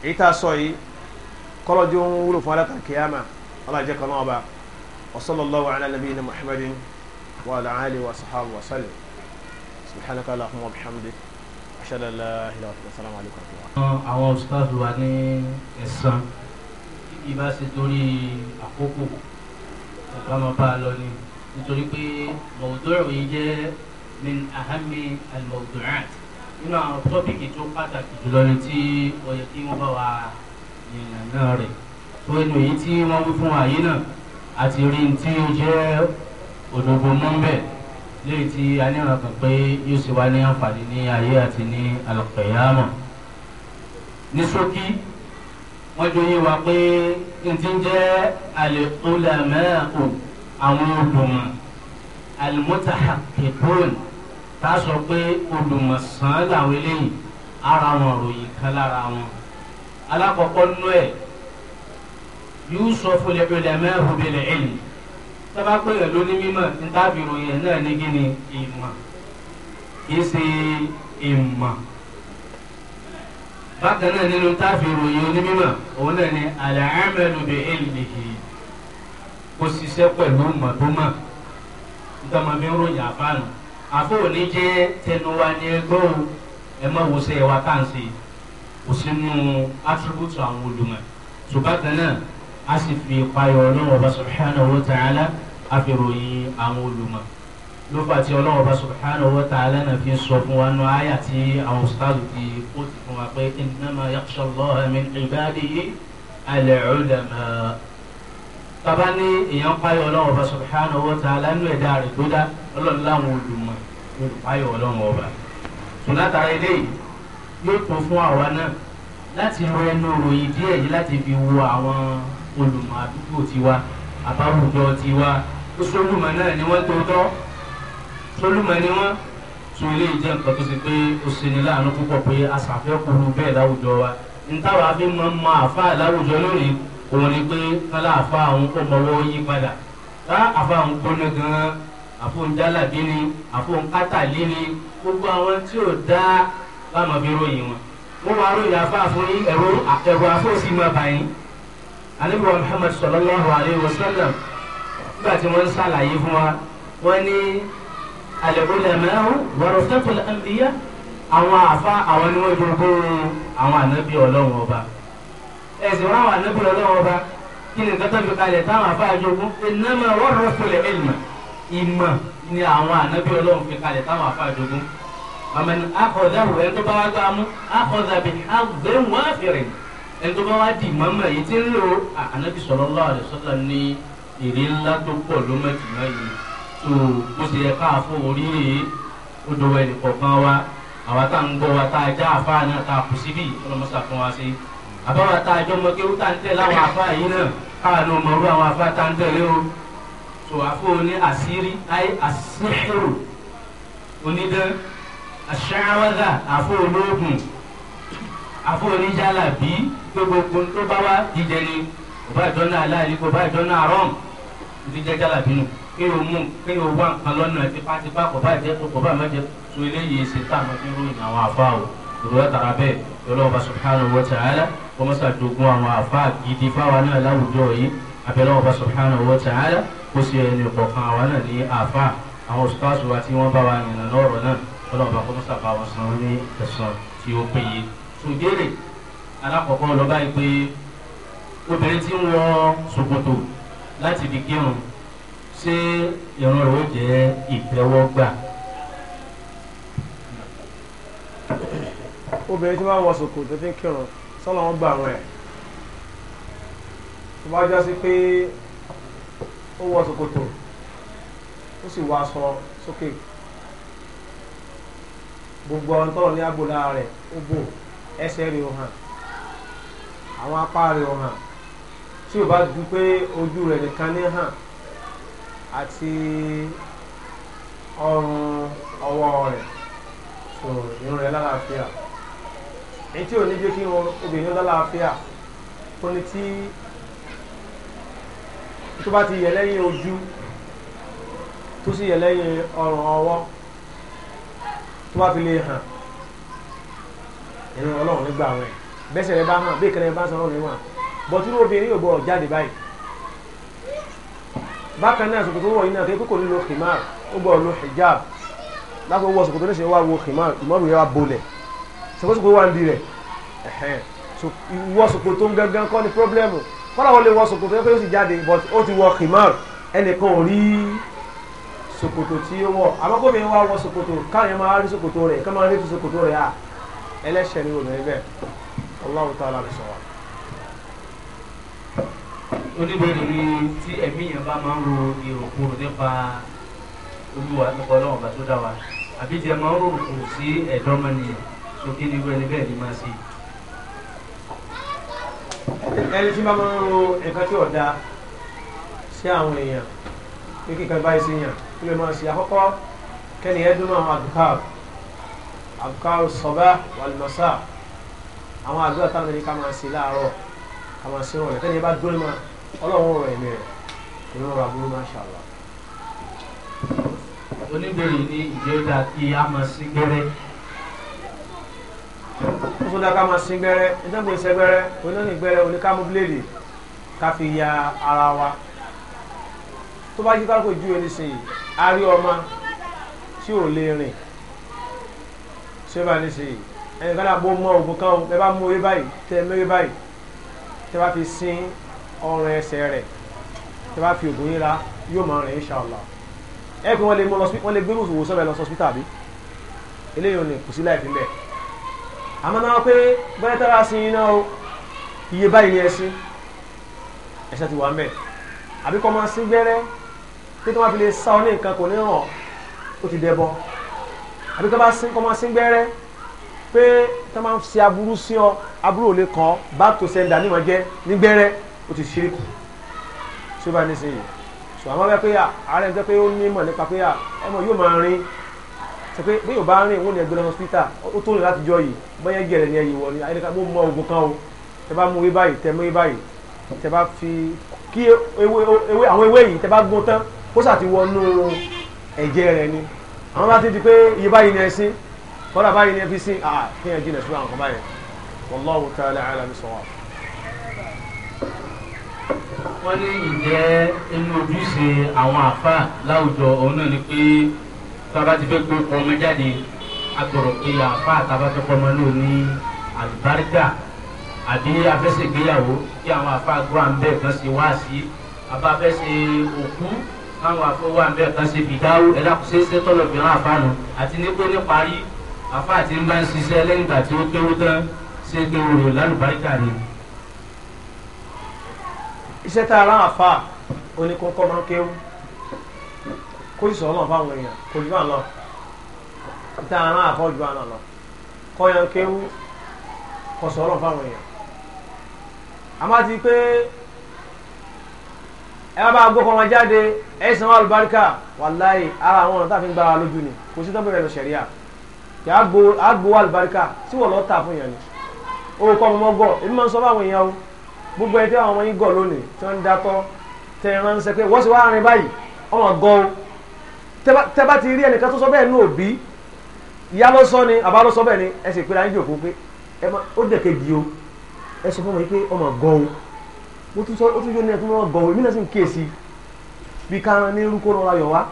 èyí tá a sọ yìí kọ́lọ́jú ń wúlò fún alákàn kìyàmà ọlọ́jẹ́ kan náà ọba wa sallallahu ala nabiyina muhammadin wa ala alihi wa sahabu wa sallim subhanaka allahumma wa bihamdik ashhadu an la ilaha illa anta astaghfiruka wa atubu ilayk. àwọn ustaz wa ní ẹ̀sán ìbá ṣe torí àkókò ọ̀gá máa bá a lọ ni nítorí pé mọ̀ọ́dọ́rọ̀ yìí jẹ́ min ahami al-mawdu'at nínú àwọn tọ́pìkì tó pàtàkì jùlọ ni tí ó yẹ kí wọ́n bá wa yìnyín náà rẹ̀ tó inú èyí tí wọ́n wí fún àyè náà àti rí ní tí ó jẹ́ òdòdó mọ́ńbẹ̀ léyìí tí a ní ọ̀nà pé yóò ṣe wá ní àǹfààní ní ayé àti ní al-qiyamah ní ṣókí wọ́n jọ yín wa pé n ti jẹ́ al-ulama'u àwọn olùmọ̀ al-mutahaqqiqun tá a sọ pé olùmọ̀ sàn làwọn eléyìí ara wọn ròyìn kan lára wọn. alákọ̀ọ́kọ́ nú ẹ̀ yusufu al-ulama'u bil-ilm sábà pé ẹ̀ ló mímọ̀ ní tábìrò yẹn náà ní gíní ìmọ̀ kì í ṣe ìmọ̀ bákan náà nínú táàfì ìròyìn onímọ̀ òun náà ni al-amalu bi ilmihi kó ṣiṣẹ́ pẹ̀lú mọ̀tòmọ̀ nítorí ń ròyìn àbánu àfọwọ́ni jẹ́ tẹnuwa ni ẹgbẹ́ o ẹ má wo sẹ́yẹ wa tá à ń ṣe kò sínú attribute àwọn olùmọ̀ tó náà a sì fi ìpayọ̀ ọlọ́wọ́ bá subhanahu wa ta'ala àfìròyìn àwọn olùmọ̀ ló fà tí ọlọ́run bá subhanahu wa ta'ala náà fi sọ fún wa nù ayà tí àwọn ustaadu ti kó ti fún wa pé innama yakhsha Allaha min ibadihi al-ulama. bàbá ní èèyàn páyọ̀ ọlọ́run bá subhanahu wa ta'ala nù ẹ̀dá rẹ̀ tó dá ọlọ́run láwọn olùmọ̀ olùpáyọ̀ ọlọ́run ọba. sùnátàrà eléyìí yóò tó fún àwa náà láti rọ ẹnu ròyìn díẹ̀ yìí láti fi wo àwọn olùmọ̀ àdúgbò tiwa àbáwùjọ tiwa ó sọ́dùmọ̀ náà ni wọ́n tó tọ́ tolúmọ ni wọn tún ilé ìjẹ nǹkan tó ti pé ó ṣe ní láàánú púpọ̀ pé aṣàfẹ́kù ni bẹ́ẹ̀ láwùjọ wa ntàwọn afi mọ mọ àfa láwùjọ lónìí òun ni pé kálá àfa àwọn kò mọwọ́ yí padà ká àfa àwọn gbóná gan-an àfọ̀ndálàbí ni àfọ̀nkátàlí ni gbogbo àwọn tí ò dá láàmú bí ròyìn wọn wọ́n wá ròyìn afa fún yín ẹ̀rọ ẹ̀rọ afọ́sí máa bá yín anabi wa muhammad sallallahu alayhi wa sallam nígbà tí wọ́n ń sàlàyé fún wa wọ́n ní al-ulama warathatul anbiya àwọn àfa àwọn ni wọ́n gbogbo àwọn ànábì ọlọ́run ọba ẹ̀sìn wọn àwọn ànábì ọlọ́run ọba kí ni nǹkan tó fi kalẹ̀ táwọn àfa àjogún innama warathul ilma ìmọ̀ ni àwọn ànábì ọlọ́run fi kalẹ̀ táwọn àfa àjogún àmàlà akọ̀dàrú ẹni tó bá wá gbà mú akọ̀dàbí agbẹ̀wọ̀fẹ̀rẹ̀ ẹni tó bá wá di mọ́mọ́ yìí ti ń lò ànábì sallallahu alaihi wasallam ní èrè ńlá tó pọ̀ ló mẹ́tìmá yìí tó bó ti yẹ káà fún oríire ó dọwọ́ ẹnì kọ̀ọ̀kan wa àwa tá à ń gbọ́ wa tá a já àfa náà tá a kù síbí ọlọ́mọṣà fún wa sí àbáwá tá a jọ mọ kí ó tá ń tẹ̀ láwọn àfa yìí náà káà ní ọmọ orú àwọn àfa tá ń tẹ̀lé o tó àfọ ní àṣírí ayé àṣírí onídán aṣáwádà àfọ olóògùn àfọ oníjàlábí gbogbo tó bá wá jíjẹ ni kò bá náà aláàlí kò bá jọ náà rọm jíjẹ jàlábí nù kéèyàn mú kéèyàn wá nǹkan lọ́nà tipátipá kò bá jẹ́ kó bá má jẹ́ so eléyìí ṣe tá a máa fi ròyìn àwọn àfa o ìrora tara bẹ́ẹ̀ Ọlọ́hun subhanahu wa ta'ala wọ́n mọ̀ sàdógún àwọn àfa gidi fáwa náà láwùjọ yìí abẹ́lẹ́ Ọlọ́hun subhanahu wa ta'ala kó sì ẹni kọ̀ọ̀kan àwa náà ní àfa àwọn ustaz wa tí wọ́n bá wa yìnbọn lọ́rọ̀ náà Ọlọ́hun kó mọ̀ ṣé irun rẹ̀ ó jẹ́ ìtẹ́wọ́gbà. obìnrin tí wọ́n wọ sòkò tó fi ń kírun sọ́nà wọn gbà wọn ẹ̀ tó bá o pé ó wọ gbogbo ọ̀n tọ́lọ̀ ní àbò lára rẹ̀ ó bò ẹsẹ̀ rẹ̀ ó hàn àwọn apá rẹ̀ ó hàn tí àti ọrùn ọwọ́ rẹ̀ so irun rẹ̀ lálàáfíà èyí tí ò ní jẹ́ kí obìnrin lálàáfíà tó ní tí tó bá ti yẹ lẹ́yìn ojú tó sì yẹ lẹ́yìn ọrùn ọwọ́ tó bá fi lè hàn irun ọlọ́run nígbà rẹ̀ bẹ́sẹ̀ rẹ̀ bá hàn bí ìkẹrẹ bá sọ ọlọ́run níwọ̀n bọ́tú obìnrin yóò gbọ́ jáde báyìí bákan náà ṣòkòtò wọ̀nyí náà tó yẹ kó kò ní ó gbọ́ lo hijab láti wọ ṣòkòtò lẹ́sẹ̀ wá wo khimar ìmọ̀rù yẹn wá bolẹ̀ ṣòkòtò wá ń di rẹ̀ wọ ṣòkòtò gangan kọ́ ni pírọ́blẹ́mù kọ́lá wọlé wọ ṣòkòtò yẹ kó yóò sì jáde but ó ti wọ khimar ẹnìkan ò rí ṣòkòtò tí ó wọ àmọ́ kó mi wá wọ ṣòkòtò káyọ̀ máa rí ṣòkòtò rẹ̀ ká máa rí ṣòkòtò rẹ̀ à ẹlẹ́ṣẹ̀ ni oníbẹ̀rẹ̀ ni tí ẹ̀mí yẹn bá máa ń ro ìròkúrò nípa olúwa nípa ọlọ́run ọba tó dá wa àbí tí ẹ máa ń rò kù sí ẹ̀dọ́ mọ́nìyàn sókè ní wẹ́ni bẹ́ẹ̀ ni máa ṣe. ẹni tí bá máa ń ro nǹkan tí ọ̀dà sí àwọn èèyàn pé kíkan báyìí sí yàn kí ló máa ṣe àkọ́kọ́ kẹ́ni ẹ́ dúnú àwọn àbùkár sọ́bà wàlùmọ́sà àwọn àdúrà táwọn ẹni ká máa ṣe láàárọ̀ kàmá sí wọn lẹ́tẹ́ni ẹ bá dúró ma ọlọ́run rẹ̀ mi rẹ̀ ìlú ọ̀rọ̀ àbúrò máa ṣàlọ́. oníbèrè ní ìjọba kí a máa sí gbẹ́rẹ́. ó tún dá ká máa sí gbẹ́rẹ́ ìjọba ìṣẹ́ gbẹ́rẹ́ onílẹ̀ gbẹ́rẹ́ oníkàmú bíléèdì ká fi ya ara wa tó bá yí kálukú ju ẹni sìn yìí a rí ọmọ tí ò lè rìn ṣé bá ní sìn yìí ẹnì kan náà bó mọ òògùn kan ẹ bá mú ewé báyìí tẹ ẹ mẹ́wé báyìí tí wọ́n fi sin ọrùn ẹsẹ̀ rẹ̀ tí wọ́n fi ògùn yíra yóò máa rìn inshallah ẹ pé wọ́n lè mú lọ wọ́n lè gbérù òwò sọ́bẹ̀ lọ sọ hospital bí eléyìí ò ní kò sí láì fi bẹ́ẹ̀ àmọ́ náà pé bẹ́ẹ̀ tára sin iná o iye báyìí ni ẹ sin ẹsẹ̀ ti wà ń bẹ̀ àbí kọ́ máa sí gbẹ́rẹ́ pé tí wọ́n fi lè sá ọ ní nǹkan kò ní hàn ó ti dẹ bọ́ àbí kọ́ máa sí gbẹ́rẹ́ pé tó máa ń ṣe aburú sí ọ aburú ò lè bá tó sẹ́ńdà níwọ̀n jẹ́ nígbẹ́rẹ́ ó ti ṣírí kù tí ó bá ní sèyí sọ àmọ́ bẹ́ẹ̀ pé ààrẹ ń tẹ́ pé ó ní mọ̀ nípa pé ẹmọ yóò máa rin sọ pé bí yóò bá rìn òun ní ẹgbẹ́ hospital ó tó rìn láti jọ yìí bóyá gẹ̀rẹ̀ ni ẹ̀yìn wọ̀ ni ayélujára mo mọ oògùn kan o tẹ bá mú ewé báyìí tẹ mú ewé báyìí tẹ bá fi kí ewé àwọn ewé yìí tẹ bá gún tán kó sàti ẹ̀jẹ̀ rẹ ni àwọn bá ti di pé iye báyìí ni ẹ sí kọ́dà báyìí ni ẹ fi sin àà kí ẹ jìnà sí àwọn kan báyìí wallahu ta'ala a'lam sawab. wọ́n ní ìjẹ́ inú ojúṣe àwọn àfa láwùjọ òun náà ni pé tába ti fẹ́ gbé ọmọ jáde agbọ̀rọ̀ pé àfa tába fẹ́ pọ́ ọmọ náà ní àlùbáríkà àbí afẹ́sẹ̀gbéyàwó kí àwọn àfa gbọ́ àǹbẹ̀ kan ṣe wá sí abáfẹ́sẹ̀ òkú káwọn àfọwọ́ àǹbẹ̀ kan ṣe bìdáwó ẹ̀dá kò tọ́lọ̀ fìràn àfa nù àti nípò níparí afa àti ń bá ń ṣiṣẹ́ lẹ́yìn ìgbà tí ó kéwú tán ṣé kéwú rò lálùbáríkà ni. iṣẹ́ tá a rán àfa oníkókó máa ń kéwú kó sì sọ̀rọ̀ fáwọn èèyàn kò ju àná tá a rán àfa ojú àná lọ kọ́ yan kéwú kò sọ̀rọ̀ fáwọn èèyàn. àmọ́ àti pé ẹ bá gbọ́ kọ́ wọn jáde ẹ sàn wọn àlùbáríkà wàláyé ara àwọn ọ̀nà tá a fi ń gbára lójú ni kò sí tó bẹ̀rẹ̀ lọ sẹ̀ríà kí agbo alibarika tí wọ́n lọ tà fún yẹn ni owó kọ́ ọmọ gọ̀ èmi máa ń sọ fáwọn èèyàn o gbogbo ẹni tí àwọn ọmọ yín gọ̀ lónìí tí wọ́n ń dakọ́ tẹ̀ ẹ̀ ránṣẹ́ pé wọ́n sì wá rìn báyìí ọmọ gọ̀ o tẹ́ bá ti rí ẹnìkan tó sọ bẹ́ẹ̀ nù òbí ìyá ló sọ ni àbá ló sọ bẹ́ẹ̀ ni ẹ sì pera yín jòkó pé ẹ má ó dẹ̀ kejì o ẹ sọ fún mi pé ọmọ gọ̀ o mo tún sọ ó tún yọ ní ẹ tó mọ́ gọ̀ o èmi náà sì ń kíyèsí bí ká ní irú kó lọ́ra yọ̀ wá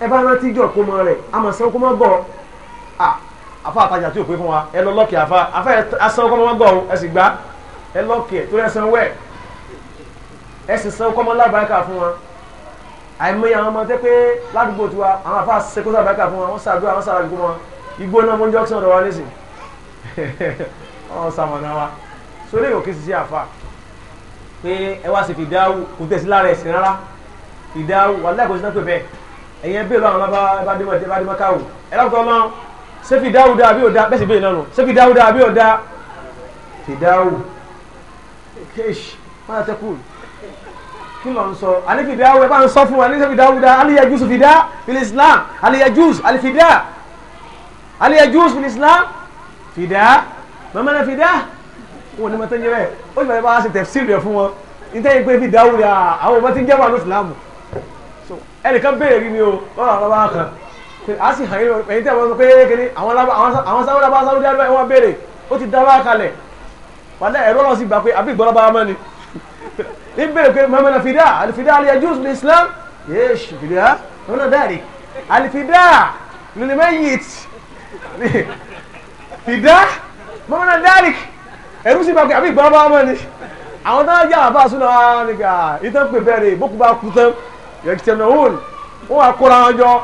ẹ bá rántí jọ̀ kó mọ rẹ̀ àmọ̀ sẹ́wọ́n kó afa àtajà tí ò pé fún wa ẹ lọ lọ́ọ̀kì afa afa ẹ asan ọkọ ọmọ gbọ̀ọ́ ẹ sì gbá ẹ lọ́ọ̀kì tó ẹ san wẹ̀ ẹ sì san ọkọ ọmọ lábàáká fún wa àìmọye àwọn ọmọ tẹ pé ládùúgbò tiwa àwọn afa sẹkọsọ àbáká fún wa wọn sàdúrà wọn sàrà gbogbo wọn igbó náà mo ń jọ́ kí sọ̀rọ̀ wa lẹ́sìn ọ̀ sàmọ̀nà wa sórí òkè sì sí àfa pé ẹ wá sí fìdáwù kò tẹ̀sí lára ẹ̀sìn rárá fìdáwù wàlẹ́ àkọsí náà pè bẹ́ẹ̀ ẹ̀yẹn bẹ́ẹ̀ lọ́wọ́ àwọn bá dé mọ́ká wò ẹ lọ́kọ̀ọ́ náà ṣé fìdáwù dáa bí ọ̀dà bẹ́sì bẹ́ẹ̀ náà nù ṣé fìdáwù dáa bí ọ̀dà fìdáwù kéèṣì máa tẹ́kù kí ló ń sọ àní fìdáwù ẹ bá ń sọ fún wa ní ṣé fìdáwù ali aliyah jus fìdá fìlì islam aliyah jus alifidá aliyah jus fìlì islam fìdá màmá náà fìdá wọn ni mo tẹ́ ń jẹ́ bẹ́ẹ̀ ó sì bẹ̀rẹ̀ bá a ṣe tẹ̀síìlì rẹ̀ fún wọn nítorí pé fìdáwù dáa àwọn ọmọ ti ń jẹ́ wà ní ìsìlámù ẹnìkan béèrè rí mi o wọ́n rà lọ́wọ́ kan a sì hàn yín ẹ̀yin tẹ́ wọ́n sọ pé kíní àwọn sáwọn lábá sáwọn díẹ̀ wọ́n béèrè ó ti dábàá kalẹ̀ wàlẹ́ ẹ̀rọ lọ sí gbà pé àbí ìgbọ́lọ́ bá wọn ni ní béèrè pé mọ́mọ́ náà fìdá àlìfìdá alẹ́ jùs ní Islam yéèṣì fìdá lọ́nà dáàrí àlìfìdá lùlùmẹ́ yìt fìdá mọ́mọ́ náà dáàrí ẹ̀rú sí gbà pé àbí ìgbọ́lọ́ bá wọn ni àwọn tó ń yá àbá súná nígbà ìtàn pè bẹ́ẹ̀ rè bókú bá kú tán yẹ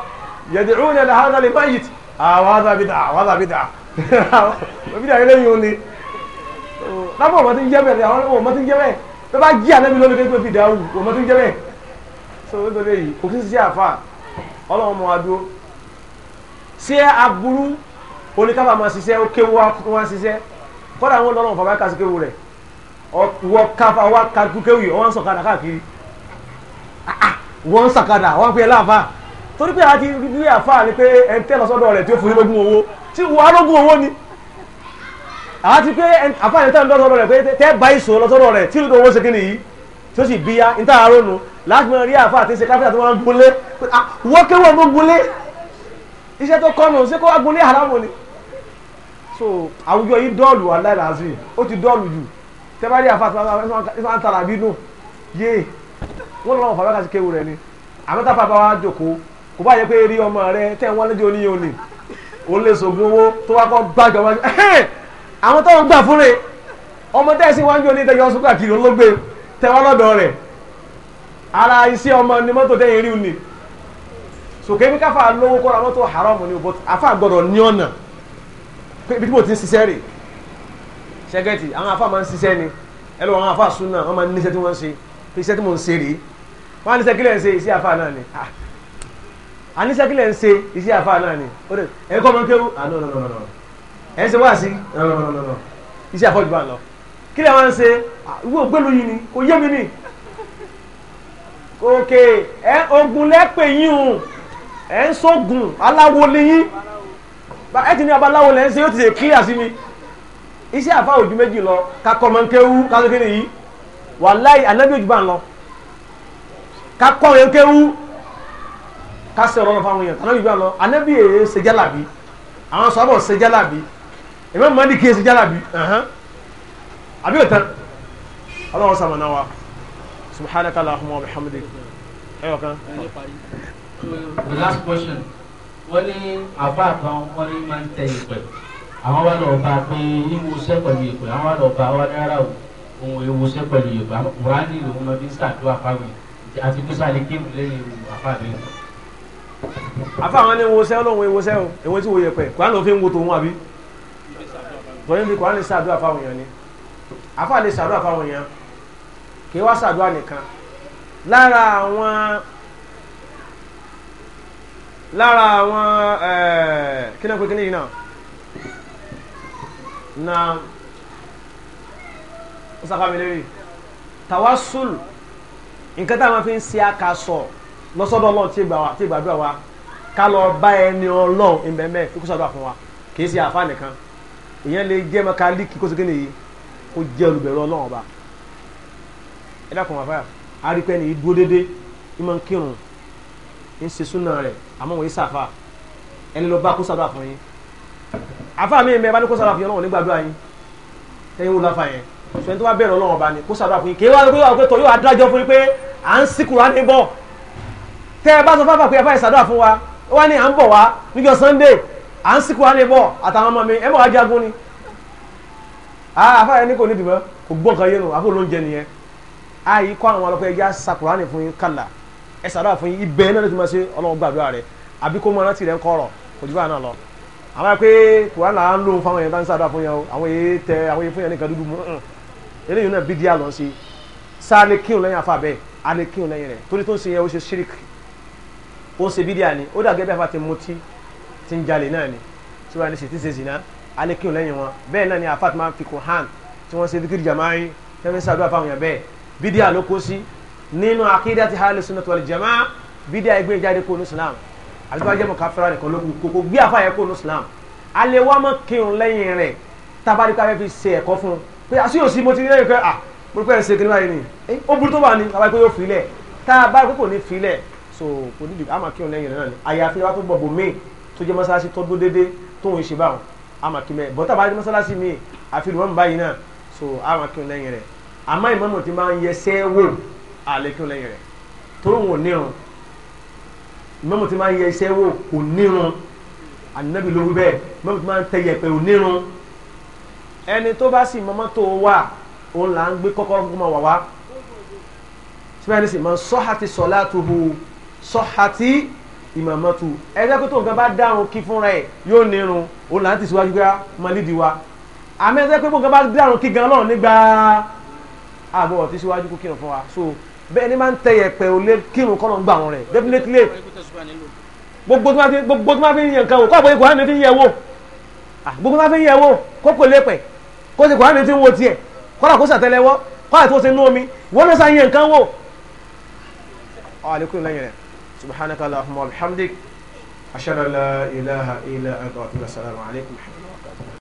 yẹ̀dìrún ẹ̀dà hádà lè máyìt àwọn hádà bídà àwọn hádà bídà bídà eléyìí ò ní lábọ̀ ọmọ tí ń jẹ́ bẹ́ẹ̀ àwọn ọmọ tí ń jẹ́ bẹ́ẹ̀ tó bá jí ànábi lórí pé bídà wù ọmọ tí ń jẹ́ bẹ́ẹ̀ so ó lórí èyí kò kí sí àfa ọlọ́run mọ́ adó ṣé aburú oníkàbà máa ṣiṣẹ́ ó kéwu wá ṣiṣẹ́ kọ́dà àwọn ọlọ́run fàbá kà sí kéwu rẹ̀ wọ́n káfa wá kakú kéwu yìí wọ́n sọ̀kadà káàkiri ah, ah, wọ́n sọ̀kadà wọ́n pe láàfáà torí pé a ti rí àfáà ni pé ẹ̀ ń tẹ́ lọ́sọ́dọ̀ rẹ̀ tí ó fún yín lógún owó tí wàá lógún owó ni àti pé àfáà yẹn tẹ́ lọ́sọ́dọ̀ rẹ̀ pé tẹ́ bá ìṣó lọ́sọ́dọ̀ rẹ̀ tí lógún owó ṣe kí nìyí tí ó sì bí ya níta àárọ̀ nù láti mọ rí àfáà tí ń ṣe káfíńtà tó máa ń gúnlé ah, wọ́n kéwọ́n ló gúnlé iṣẹ́ tó kọ́nù ṣé kó wá gúnlé haramu ni so àwùjọ yìí dọ́ọ̀lù aláìláàzì ó ti dọ́ọ̀lù jù tẹ́ bá rí àfáà tí wọ́n ń tara bínú yé wọ́n lọ́wọ́ fàbákà sí kéwù rẹ̀ ni kò bá yẹ pé eré ọmọ rẹ tẹ́ ń wá lójú oníyẹ òní o lè sògùn owó tó wá kọ́ gbàjọ wájú àwọn tó ń gbà fún rẹ̀ ọmọ tẹ́ sí wájú oní tẹ́jọ́ sókè àkìrì olóògbé tẹ́ wá lọ́dọ̀ rẹ̀ ara iṣẹ́ ọmọ ni mọ́tò tẹ́yìn rí òní sòkè bí káfà lówó kọ́ra mọ́tò haram ni but àfà gbọ́dọ̀ ní ọ̀nà ibi tí mo ti ń ṣiṣẹ́ rè ṣẹ́gẹ́tì àwọn àfà máa ń ṣiṣẹ́ ni ẹ lọ àwọn àfà súnà wọ́n máa ń níṣẹ́ tí wọ́n ń ṣe iṣẹ́ tí mo ń ṣe rèé wọ́n á níṣẹ́ kílẹ̀ ń ṣe iṣẹ́ àfà náà ni ah! àníṣe kílẹ̀ ń ṣe iṣẹ́ àfa náà ni ó dẹ ẹ kọ́ ọmọ kéwú ah no no no no ẹ ń ṣe wá sí no no no no no iṣẹ́ àfọ́jú bá ń lọ kílẹ̀ wọn ń ṣe ah, ìwé ògbélu yìí ni kò yé mi ni òkè ẹ ogun lẹ́pẹ̀ yín o ẹ ń sọ́gun aláwo ni yín ẹ ti ní abaláwo lẹ́ ń ṣe yóò ti ṣe kílẹ̀ sí mi iṣẹ́ àfa òjú méjì lọ kakọ́ ọmọ kéwú kásókè nìyí wàláì ànábì òjú bá ń lọ kakọ́ ọmọ kéwú kásẹ̀ ọ̀rọ̀ fáwọn èèyàn tànàbí gbà lọ anábì èyí ṣe jálàbí àwọn sọ́bọ̀ ṣe jálàbí ìmọ̀ mọ́ni kì í ṣe jálàbí àbí òtán ọlọ́run sàmànà wa subhanaka allahumma wa bihamdik ẹ yọ kan. the last question wọ́n ní àbá kan wọ́n ní máa ń tẹ ìpẹ́ àwọn wà lọ bá pé ìwúṣẹ́ pẹ̀lú ìpẹ́ àwọn wà lọ bá wà dára ohun ìwúṣẹ́ pẹ̀lú ìpẹ́ àwọn kùránì lòun lọ bí sàdúrà fáwọn àti pé sàlẹ̀ kéwù lẹ́yìn àfáàbẹ̀rẹ̀ afa àwọn ẹni wosẹ́ ọlọ́run ewosẹ́ o ewé tí wo yẹ pẹ́ kwan ló fi ń wo tòun àbí tọ́yìn bí kwan lè ṣàdúrà fáwọn èèyàn ni afa lè ṣàdúrà fáwọn èèyàn kì í wá ṣàdúrà nìkan lára àwọn lára àwọn eh, kí náà pé kí yìí náà na ó sàkàmì lérí tawassul nǹkan fi ń ṣe àkàsọ̀ lọ́sọ́dọ̀ ọlọ́run tí ìgbà wa tí ìgbàdúrà wa ká lọ bá ẹni ọlọ́run ìbẹ̀mẹ̀ kókó sàdúrà fún wa kì í ṣe àfa nìkan èèyàn lè jẹ́ mẹkáníìkì kó sókè nìyí kó jẹ́ olùbẹ̀rù ọlọ́run ọba ẹ dákun àfa arípẹ́ ni dúró dédé ní máa ń kírun ń ṣe súnà rẹ̀ àmọ́ wọ́n yé sàfà ẹni lọ bá kó sàdúrà fún yín àfa mi ìmẹ̀ bá ní kó sàdúrà fún yín ọlọ́run nígbàdúrà yín ẹ̀yin wò láfa yẹn sọ̀rọ̀ tó bá bẹ̀rẹ̀ ọlọ́run ọba ni kó sàdúrà fún yín kì í wá ló pé tọ́ yóò adájọ́ fún yín pé à ń sí Kùránì bọ̀ tẹ́ ẹ bá sọ fáfà pé ẹ fẹ́ ṣàdúrà fún wa ó wá ní à ń bọ̀ wá níjọ́ Sunday à ń sìnkú wa ní bọ̀ àtàwọn ọmọ mi ẹ mọ̀ wá jagun ni àfáà ẹni kò ní dìbò kò gbọ́ nǹkan yẹn nù àfọ ló ń jẹ nìyẹn àyè kọ́ àwọn ọlọ́pàá ẹja sakurani fún yín kàlà ẹ ṣàdúrà fún yín ibẹ̀ náà ló ti máa ṣe Ọlọ́run gbàdúrà rẹ àbí kó mọ rántí rẹ ń kọ̀rọ̀ kò jù báyìí náà lọ àwọn pé kuran là ń lò fún àwọn yẹn tó ń sàdúrà o àwọn yẹn tẹ àwọn yẹn fún yẹn nìkan dúdú mu hàn eléyìí náà bídíà lọ sí sáálé kíhùn lẹ́yìn afa bẹ́ẹ̀ alẹ́ kíhùn lẹ́yìn rẹ̀ torí ó ń ṣe bídíà ni ó dàgẹ́ bí afa ti mutí ti ń jalè náà ni tí wọ́n á ní sì ti ṣe zina á ní kírun lẹ́yìn wọn bẹ́ẹ̀ náà ni afa ti máa fi kún hàn tí wọ́n ṣe dikiri jama'i tẹ́lẹ̀ sàdúrà fáwọn yẹn bẹ́ẹ̀ bídíà ló kó sí nínú akídá ti hali sunnah wal jamaa bídíà ẹgbẹ́ ìjáde e kó ní islam àbí tó bá jẹ́ mọ̀ káfíńrà nìkan ló kókó gbé afa yẹn kó ní islam alẹ́ wa mọ̀ kírun lẹ́yìn rẹ̀ tabarika fẹ́ fi ṣe ẹ̀kọ́ fún un pé àṣìyòsí mo ti rí lẹ́yìn pé ah mo rí pé ẹ̀ ṣe kí ni báyìí ni ó burú tó bá ní tabarika yóò fi lẹ̀ tá a bá rí fi lẹ̀ so kò nídìí a máa kírun lẹ́yìn rẹ̀ náà ni àyàfi wa tó gbọ̀gbọ̀ míì tó jẹ́ mọ́sálásí tó dúró déédéé tó ń ṣe báwọn a máa kí mẹ́ẹ̀ bọ́tà bá jẹ́ mọ́sálásí míì àfi ìwọ́n báyìí náà so a máa kírun lẹ́yìn rẹ̀ àmọ́ ìmáàmù ti máa ń yẹ sẹ́wò àlẹ́ kírun lẹ́yìn rẹ̀ torí wọn ò nírun ìmáàmù ti máa ń yẹ sẹ́wò kò nírun ànábì ló wí bẹ́ẹ̀ ìmáàmù ti máa ń tẹ yẹpẹ̀ ò nírun ẹni tó bá sì mọ́mọ́ tó wà òun là ń gbé kọ́kọ́ kó máa wà wá síbẹ̀ ní sì máa sọ́hàtì ìmọ̀mọ́tù ẹgbẹ́ pé tó nǹkan bá dáhùn kí fúnra ẹ̀ yóò nírun òun là ń tẹ̀síwájú pé máa lídi wa àmì ẹgbẹ́ pé nǹkan bá dáhùn kí gan lọ́rùn nígbà àbọ̀ ọ̀tí síwájú kó kírun fún wa so bẹ́ẹ̀ ni máa ń tẹ yẹ̀pẹ̀ ò lé kírun kọ́ lọ́n gbà wọn rẹ̀ definitely gbogbo tó máa fi ń yẹ nǹkan wò kó àbọ̀ ìkọ̀ àmì fi ń yẹ wò gbogbo máa fi ń yẹ wò kó kò lépẹ̀ kó kó سبحانك اللهم وبحمدك أشهد أن لا إله إلا أنت وأتوب السلام عليكم ورحمة